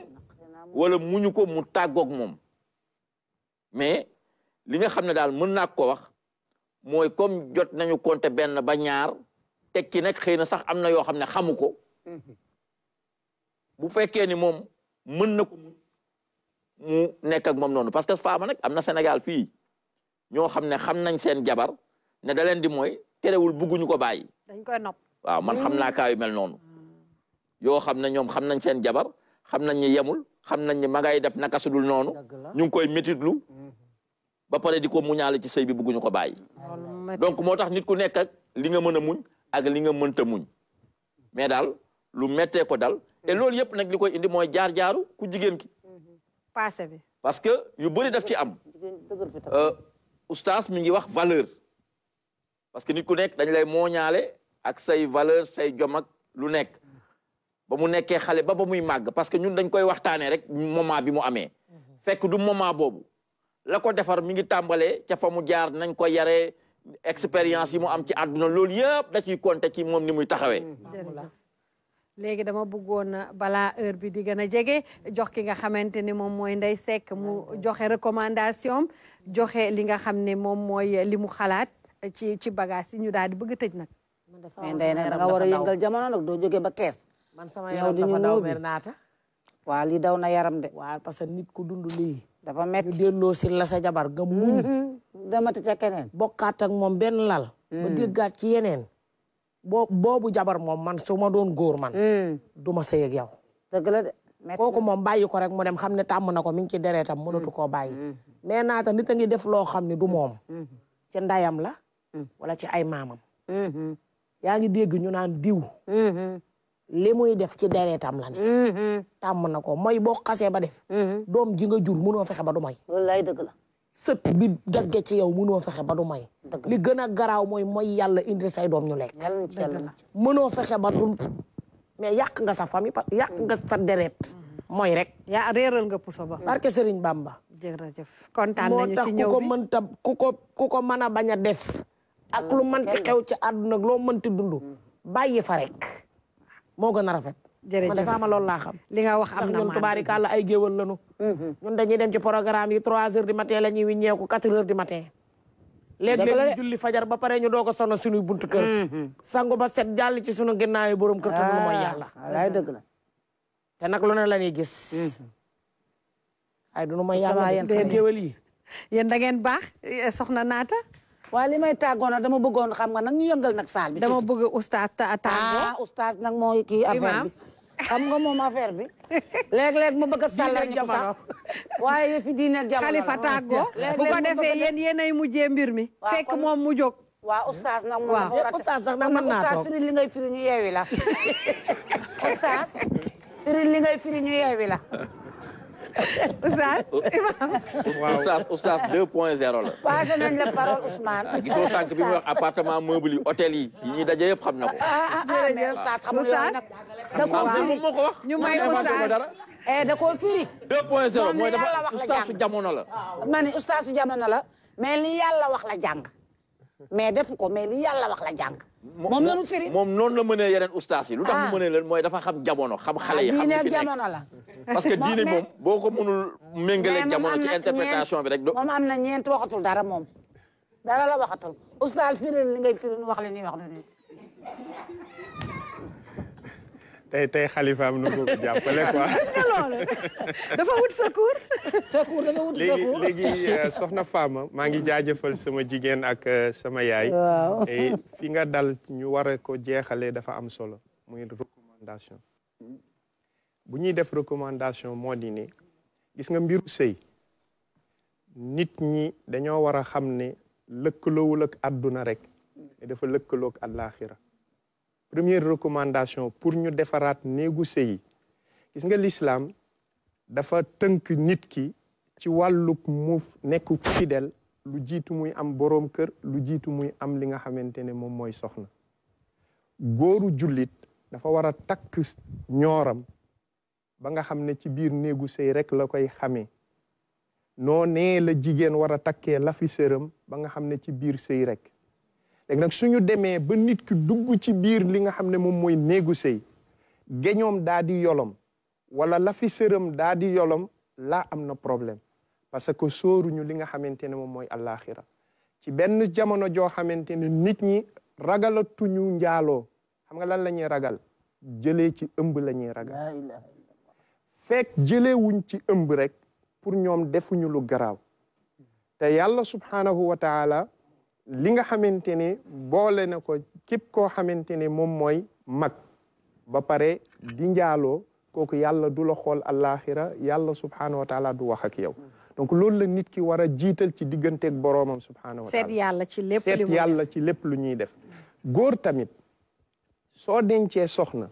wala muñu ko mu tàggoog moom mais li nga xam ne daal mën naa ko wax mooy comme jot nañu compter benn ba ñaar tekki nag xëy na sax am na yoo xam ne xamu ko bu fekkee ni moom mën na ko mu nekk ak moom noonu parce que faama nag am na Sénégal fii ñoo xam ne xam nañ seen jabar ne da leen di mooy terewul bugguñu ko bàyyi. dañ waaw man xam naa kaa yu mel noonu hmm. yoo xam ne ñoom xam nañ seen jabar xam nañ ñi yemul xam nañ ñi ma ngay def naka sudul noonu ñu ngi koy métitlu mhm. ba pare di ko muñaale ci sëy bi bëgguñu ko bàyyi donc moo tax nit ku nekk ak li nga mën a muñ ak li nga mënta muñ mais daal lu méttee ko dal et loolu yëpp nag li koy indi mooy jaar-jaaru ku jigéen ki mhm. passé bi parce que yu bëri daf ci am euh, oustaz mi ngi wax valeur parce que nit ku nekk dañ lay mooñaale ak say valeur say jom lu nekk ba mu nekkee xale ba ba muy màgg parce que ñun dañ koy waxtaanee rek moment bi mu amee fekk du moment boobu la ko defar mu ngi tàmbalee ca fa mu jaar nañ ko yaree expérience yi mu am ci àdduna loolu yëpp da ciy compter ci moom ni muy taxawee mm-hmm. léegi dama bëggoon balaa heure bi di gën a jege jox ki nga xamante ni moom mooy Ndeye Seck mu joxe recommandation joxe li nga xam ne moom mooy li mu xalaat ci ci bagage yi ñu daal di bëgg a tëj nag. mais Ndeye nag da nga war a yëngal jamono nag doo jóge ba kees. man sama yaram dafa daw bernata wa li daw na yaram de wa parce que nit ku dund li dafa metti ñu delloo la sa jabar ga muñ ta ca kenen bokkat ak mom ben lal ba mm. deggat ci yenen boo jabar mom man suma don gor man mm. duma sey ak yow deug la de koku mom, bàyyi ko rek mu dem xamne tam na mi ngi deretam mm. ko bayyi mais nit nga def lo xamne du mom ci ndayam la wala ci ay mamam mm-hmm. yaa ngi ñu naan diw mm-hmm. li muy def ci deretam la ne mm-hmm. tàmm na ko mooy boo xasee ba def mm-hmm. doom ji nga jur mënoo fexe ba du moy wallaay dëgg la sët bi dagge ci yow mënoo fexe ba du may li gën a garaaw mooy mooy yàlla indi say doom ñu lekk mënoo fexe ba du mais yàq nga sa famille yàq nga sa deret mm-hmm. mooy rek yaa réeral nga puso ba barke Serigne Bamba jërëjëf kontaan nañu ci ñëw bi moo tax ku ko man ta ku ko ku ko mën a bañ a def ak lu mënti xew ci àdduna loo mënti dund bàyyi fa rek moo gën a rafet. jërëjëf man dafa ama xam. li nga wax am na ñun tubaarikàlla ay géwël lañu. Mm-hmm. ñun dañuy dem ci programme yi 3 heures du matin la ñuy wiññeeku 4 heures du matin. léeg-léeg julli fajar ba pare ñu doog a sonn suñuy bunt kër. Mm-hmm. sangu ba set jàll ci sunu ginnaaw yi borom kër. ah mooy yàlla ah, walaay dëgg la. te nag lu na la ñuy gis. Mm-hmm. ay dunu ma yàlla yéen géwël yi. yéen da ngeen baax eh, soxna naata. Wali may tago na damo bugon kam nga nang yanggal nagsalbi. Damo bugo ustaz ta atago. Ah, ustaz nang mo iki averbi. Kam nga mo maferbi. Leg-leg mo bagas salar ni kusa. Waye fi di nag jamal. Khalifa tago. Bu ko defé yeen yeenay mu jembir mi. Fekk mom mu jog. Waa ustaz nang mo na horat. Ustaz nang man na to. Ustaz firi li ngay firi ñu yewi la. Ustaz firi li ngay firi ñu yewi la. Oustaz Imaam. Oustaz Oustaz 2.0 la. passé nañ la parole Ousmane. Ah, gisoo sànq bi mu wax appartement meuble yi hôtel yi yi ñuy daje yëpp xam na ko. ah ah, ah mais Oustaz xamul yoon nag. da koo firi ñu may Oustaz eh, da koo mooy dafa Oustaz jamono la. ma ne Oustaz su la mais li yàlla wax la jàng. mais defu ko mais li yàlla wax la jàng. moom la ñu firi moom noonu la mënee yeneen ustaas yi. lu tax mu ah. mënee leen mooy dafa xam jamono xam ah, xale yi. xam fi jamono la. parce que diine moom boo ko mënul méngaleeg jamono ci interprétation bi rek. moom am na ñeent waxatul dara moom dara la waxatul ustaas firi li ngay firi wax li ñuy ni tey tey xalifaam nu ko jàppale quoi. est dafa wut secours. secours léegi euh, soxna Fama maa ngi jaajëfal sama jigéen ak euh, sama yaay. fi nga dal ñu war a ko jeexalee dafa am solo muy recommandation. bu ñuy def recommandation moo di ne gis nga mbiru sëy nit ñi dañoo war a xam ne lëkkaloowul ak àdduna rek dafa lëkkaloo ak àllaaxira première recommandation pour ñu defaraat néegu sëy yi gis nga lislaam dafa tënk nit ki ci wàlluk mu nekk fidèle lu jiitu muy am boroom kër lu jiitu muy am li nga xamante ne moom mooy soxna góoru jullit dafa war a takk ñooram ba nga xam ne ci biir néegu sëy rek la koy xamee noonee la jigéen war a takkee lafisëram ba nga xam ne ci biir sëy rek léegi nag suñu demee ba nit ki dugg ci biir li nga xam ne moom mooy néegu sëy géñoom daa di yolom wala lafi fi sëram di yolom laa am na problème parce que sooruñu li nga xamante ne moom mooy àllaaxira ci benn jamono joo xamante ne nit ñi ragalatuñu njaaloo xam nga lan la ñuy ragal jëlee ci ëmb la ñuy ragal fekk jëleewuñ ci ëmb rek pour ñoom defuñu lu garaaw te yàlla subhaanahu wa li nga xamante ne boole na ko képp koo xamante ne moom mooy mag ba pare di njaaloo kooku yàlla du la xool àllaaxira yàlla subhaanahu wa taala du wax ak yow donc loolu la nit ki war a jiital ci digganteeg boromam subhaanahu wa taala seet yàlla ci lépp yàlla ci lépp lu ñuy def góor tamit soo dencee soxna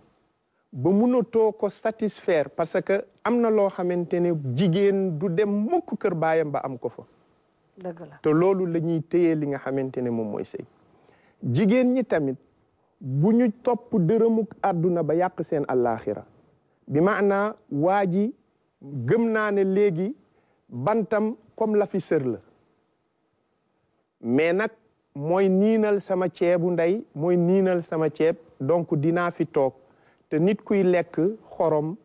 ba mënatoo ko satisfaire parce que am na loo xamante ne jigéen du dem mukk kër baayam ba am ko fa dëgg te loolu la ñuy téye li nga xamante ne moom mooy sëy jigéen ñi tamit bu ñu topp dërëmuk àdduna ba yàq seen àllaaxira bi maanaa waa ji gëm naa ne léegi bantam comme la fi sër la mais nag mooy niinal sama ceebu ndey mooy niinal sama ceeb donc dinaa fi toog te nit kuy lekk xorom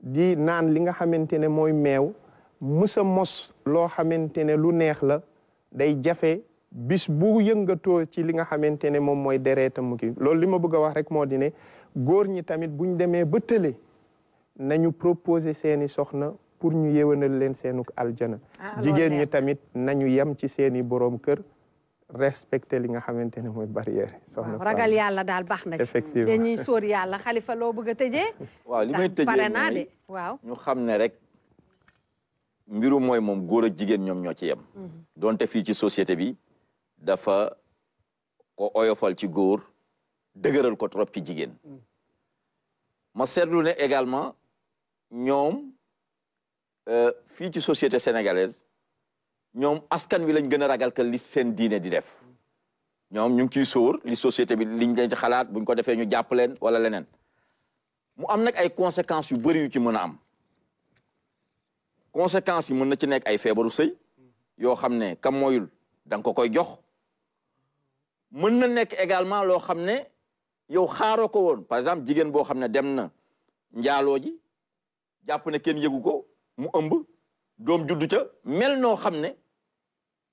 di naan li nga xamante ne mooy meew mës mos loo xamante ne lu neex la day jafe bis bu yëngatoo ci li nga xamante ne moom mooy dereetam mu kii loolu li ma bëgg wax rek moo di ne góor ñi tamit buñ demee ba tële nañu proposé seeni soxna pour ñu yéwénal leen seenu aljana ah, jigéen ñi tamit nañu yem ci seeni boroom kër respecté li nga xamante ne mooy barrière soxna ragal yàlla daal baax na ci dañuy sóor yàlla xalifa loo bëgg a tëjee waaw naa de ñu xam ne rek mbiru moy mom goor ak jigen ñom ñoci yam yem mm-hmm. donte fii ci société bi dafa ko oyofal ci goor dëgëral ko trop ci jigen mm-hmm. ma seetlu né également ñom euh fi ci société sénégalaise ñom askan wi lañ gëna ragal que li seen diiné di def mm-hmm. ñom ñu ngi ciy soor li société bi liñ leen ci xalaat buñ ko défé ñu japp leen wala leneen mu am nak ay conséquences yu bari yu ci mëna am conséquences yi mën na ci nekk ay feebaru sëy yoo xam ne kam moyul da ko koy jox mën na nekk également loo xam ne yow xaaroo ko woon par exemple jigéen boo xam ne dem na njaaloo ji jàpp ne kenn yëgu ko mu ëmb doom juddu ca mel noo xam ne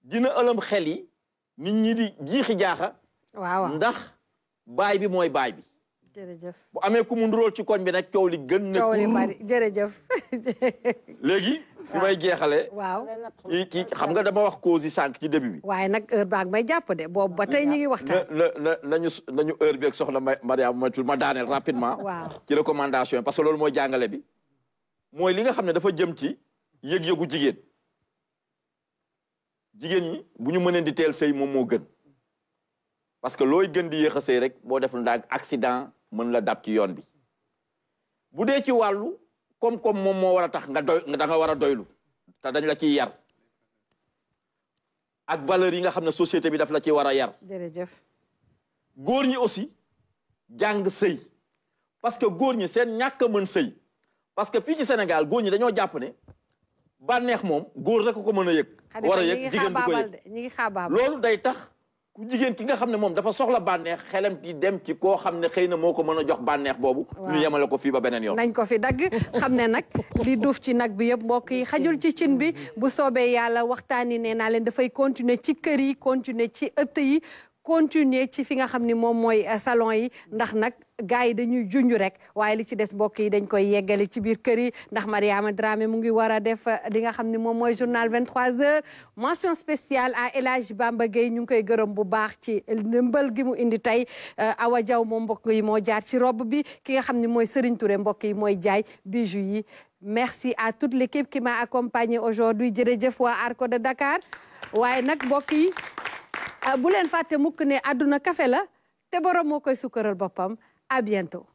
dina ëlëm xel yi nit ñi di jiixi jaaxa waaw ndax baay bi mooy baay bi jërëjëf bu amee ku mu ndurool ci koñ bi nag coow li gën na jërëjëf léegi fi may jeexale waaw kii kii xam nga dama wax cause yi sànq ci début bi. waaye nag heure baag may jàpp de boobu ba tey ñu ngi waxtaan. na na nañu nañu heure beeg soxna Mariama Matul ma daaneel rapidement. waaw ci recommandation parce que loolu mooy jàngale bi. mooy li nga xam ne dafa jëm ci yëg-yëgu jigéen. jigéen ñi bu ñu mëneen di tel sëy moom moo gën. parce que looy gën di yéex a sëy rek boo def lu accident mën la dab ci yoon bi. bu dee ci wàllu. koom-koom moom moo war a tax nga doy da nga war a doylu te dañ la ciy yar ak valeur yi nga xam ne société bi daf la ci war a yar. jërëjëf. góor ñi aussi jàng sëy parce que góor ñi seen ñàkk mën sëy parce que fii ci Sénégal góor ñi dañoo jàpp ne bànneex moom góor rek ko mën a yëg. war a yëg jigéen du ko yëg loolu day tax. ku jigéen ki nga xam ne moom dafa soxla bànneex xelam di dem ci koo xam ne xëy na moo ko mën a jox bànneex boobu ñu yemale ko fii ba beneen yoon nañ ko fi dagg xam ne nag li duuf ci nag bi yëpp mbokk yi xajul ci cin bi bu soobee yàlla waxtaani nee naa leen dafay continuer ci kër yi continuer ci ëtt yi continuer ci fi nga xamni mom moy euh, salon yi ndax nak gaay dañuy junj rek waye li ci dess mbokk yi dañ koy yeggale ci biir kër yi ndax Mariama Dramé mu ngi wara def euh, li nga xamni mom moy journal 23h mention spéciale à Elage Hadj Bamba Gueye ñu koy gërëm bu baax ci ndimbal gi mu indi tay euh, Awa jaw moom mbokk yi mo jaar ci robe bi ki nga xamni moy Serigne Touré mbokk yi moy jaay bijoux yi merci à toute l'équipe qui m'a accompagné aujourd'hui jërëjëf wa Arco de Dakar waye nak mbokk yi Ah, bu leen fàtte mukk ne àdduna kafe la te borom moo koy sukkaral boppam à bientôt.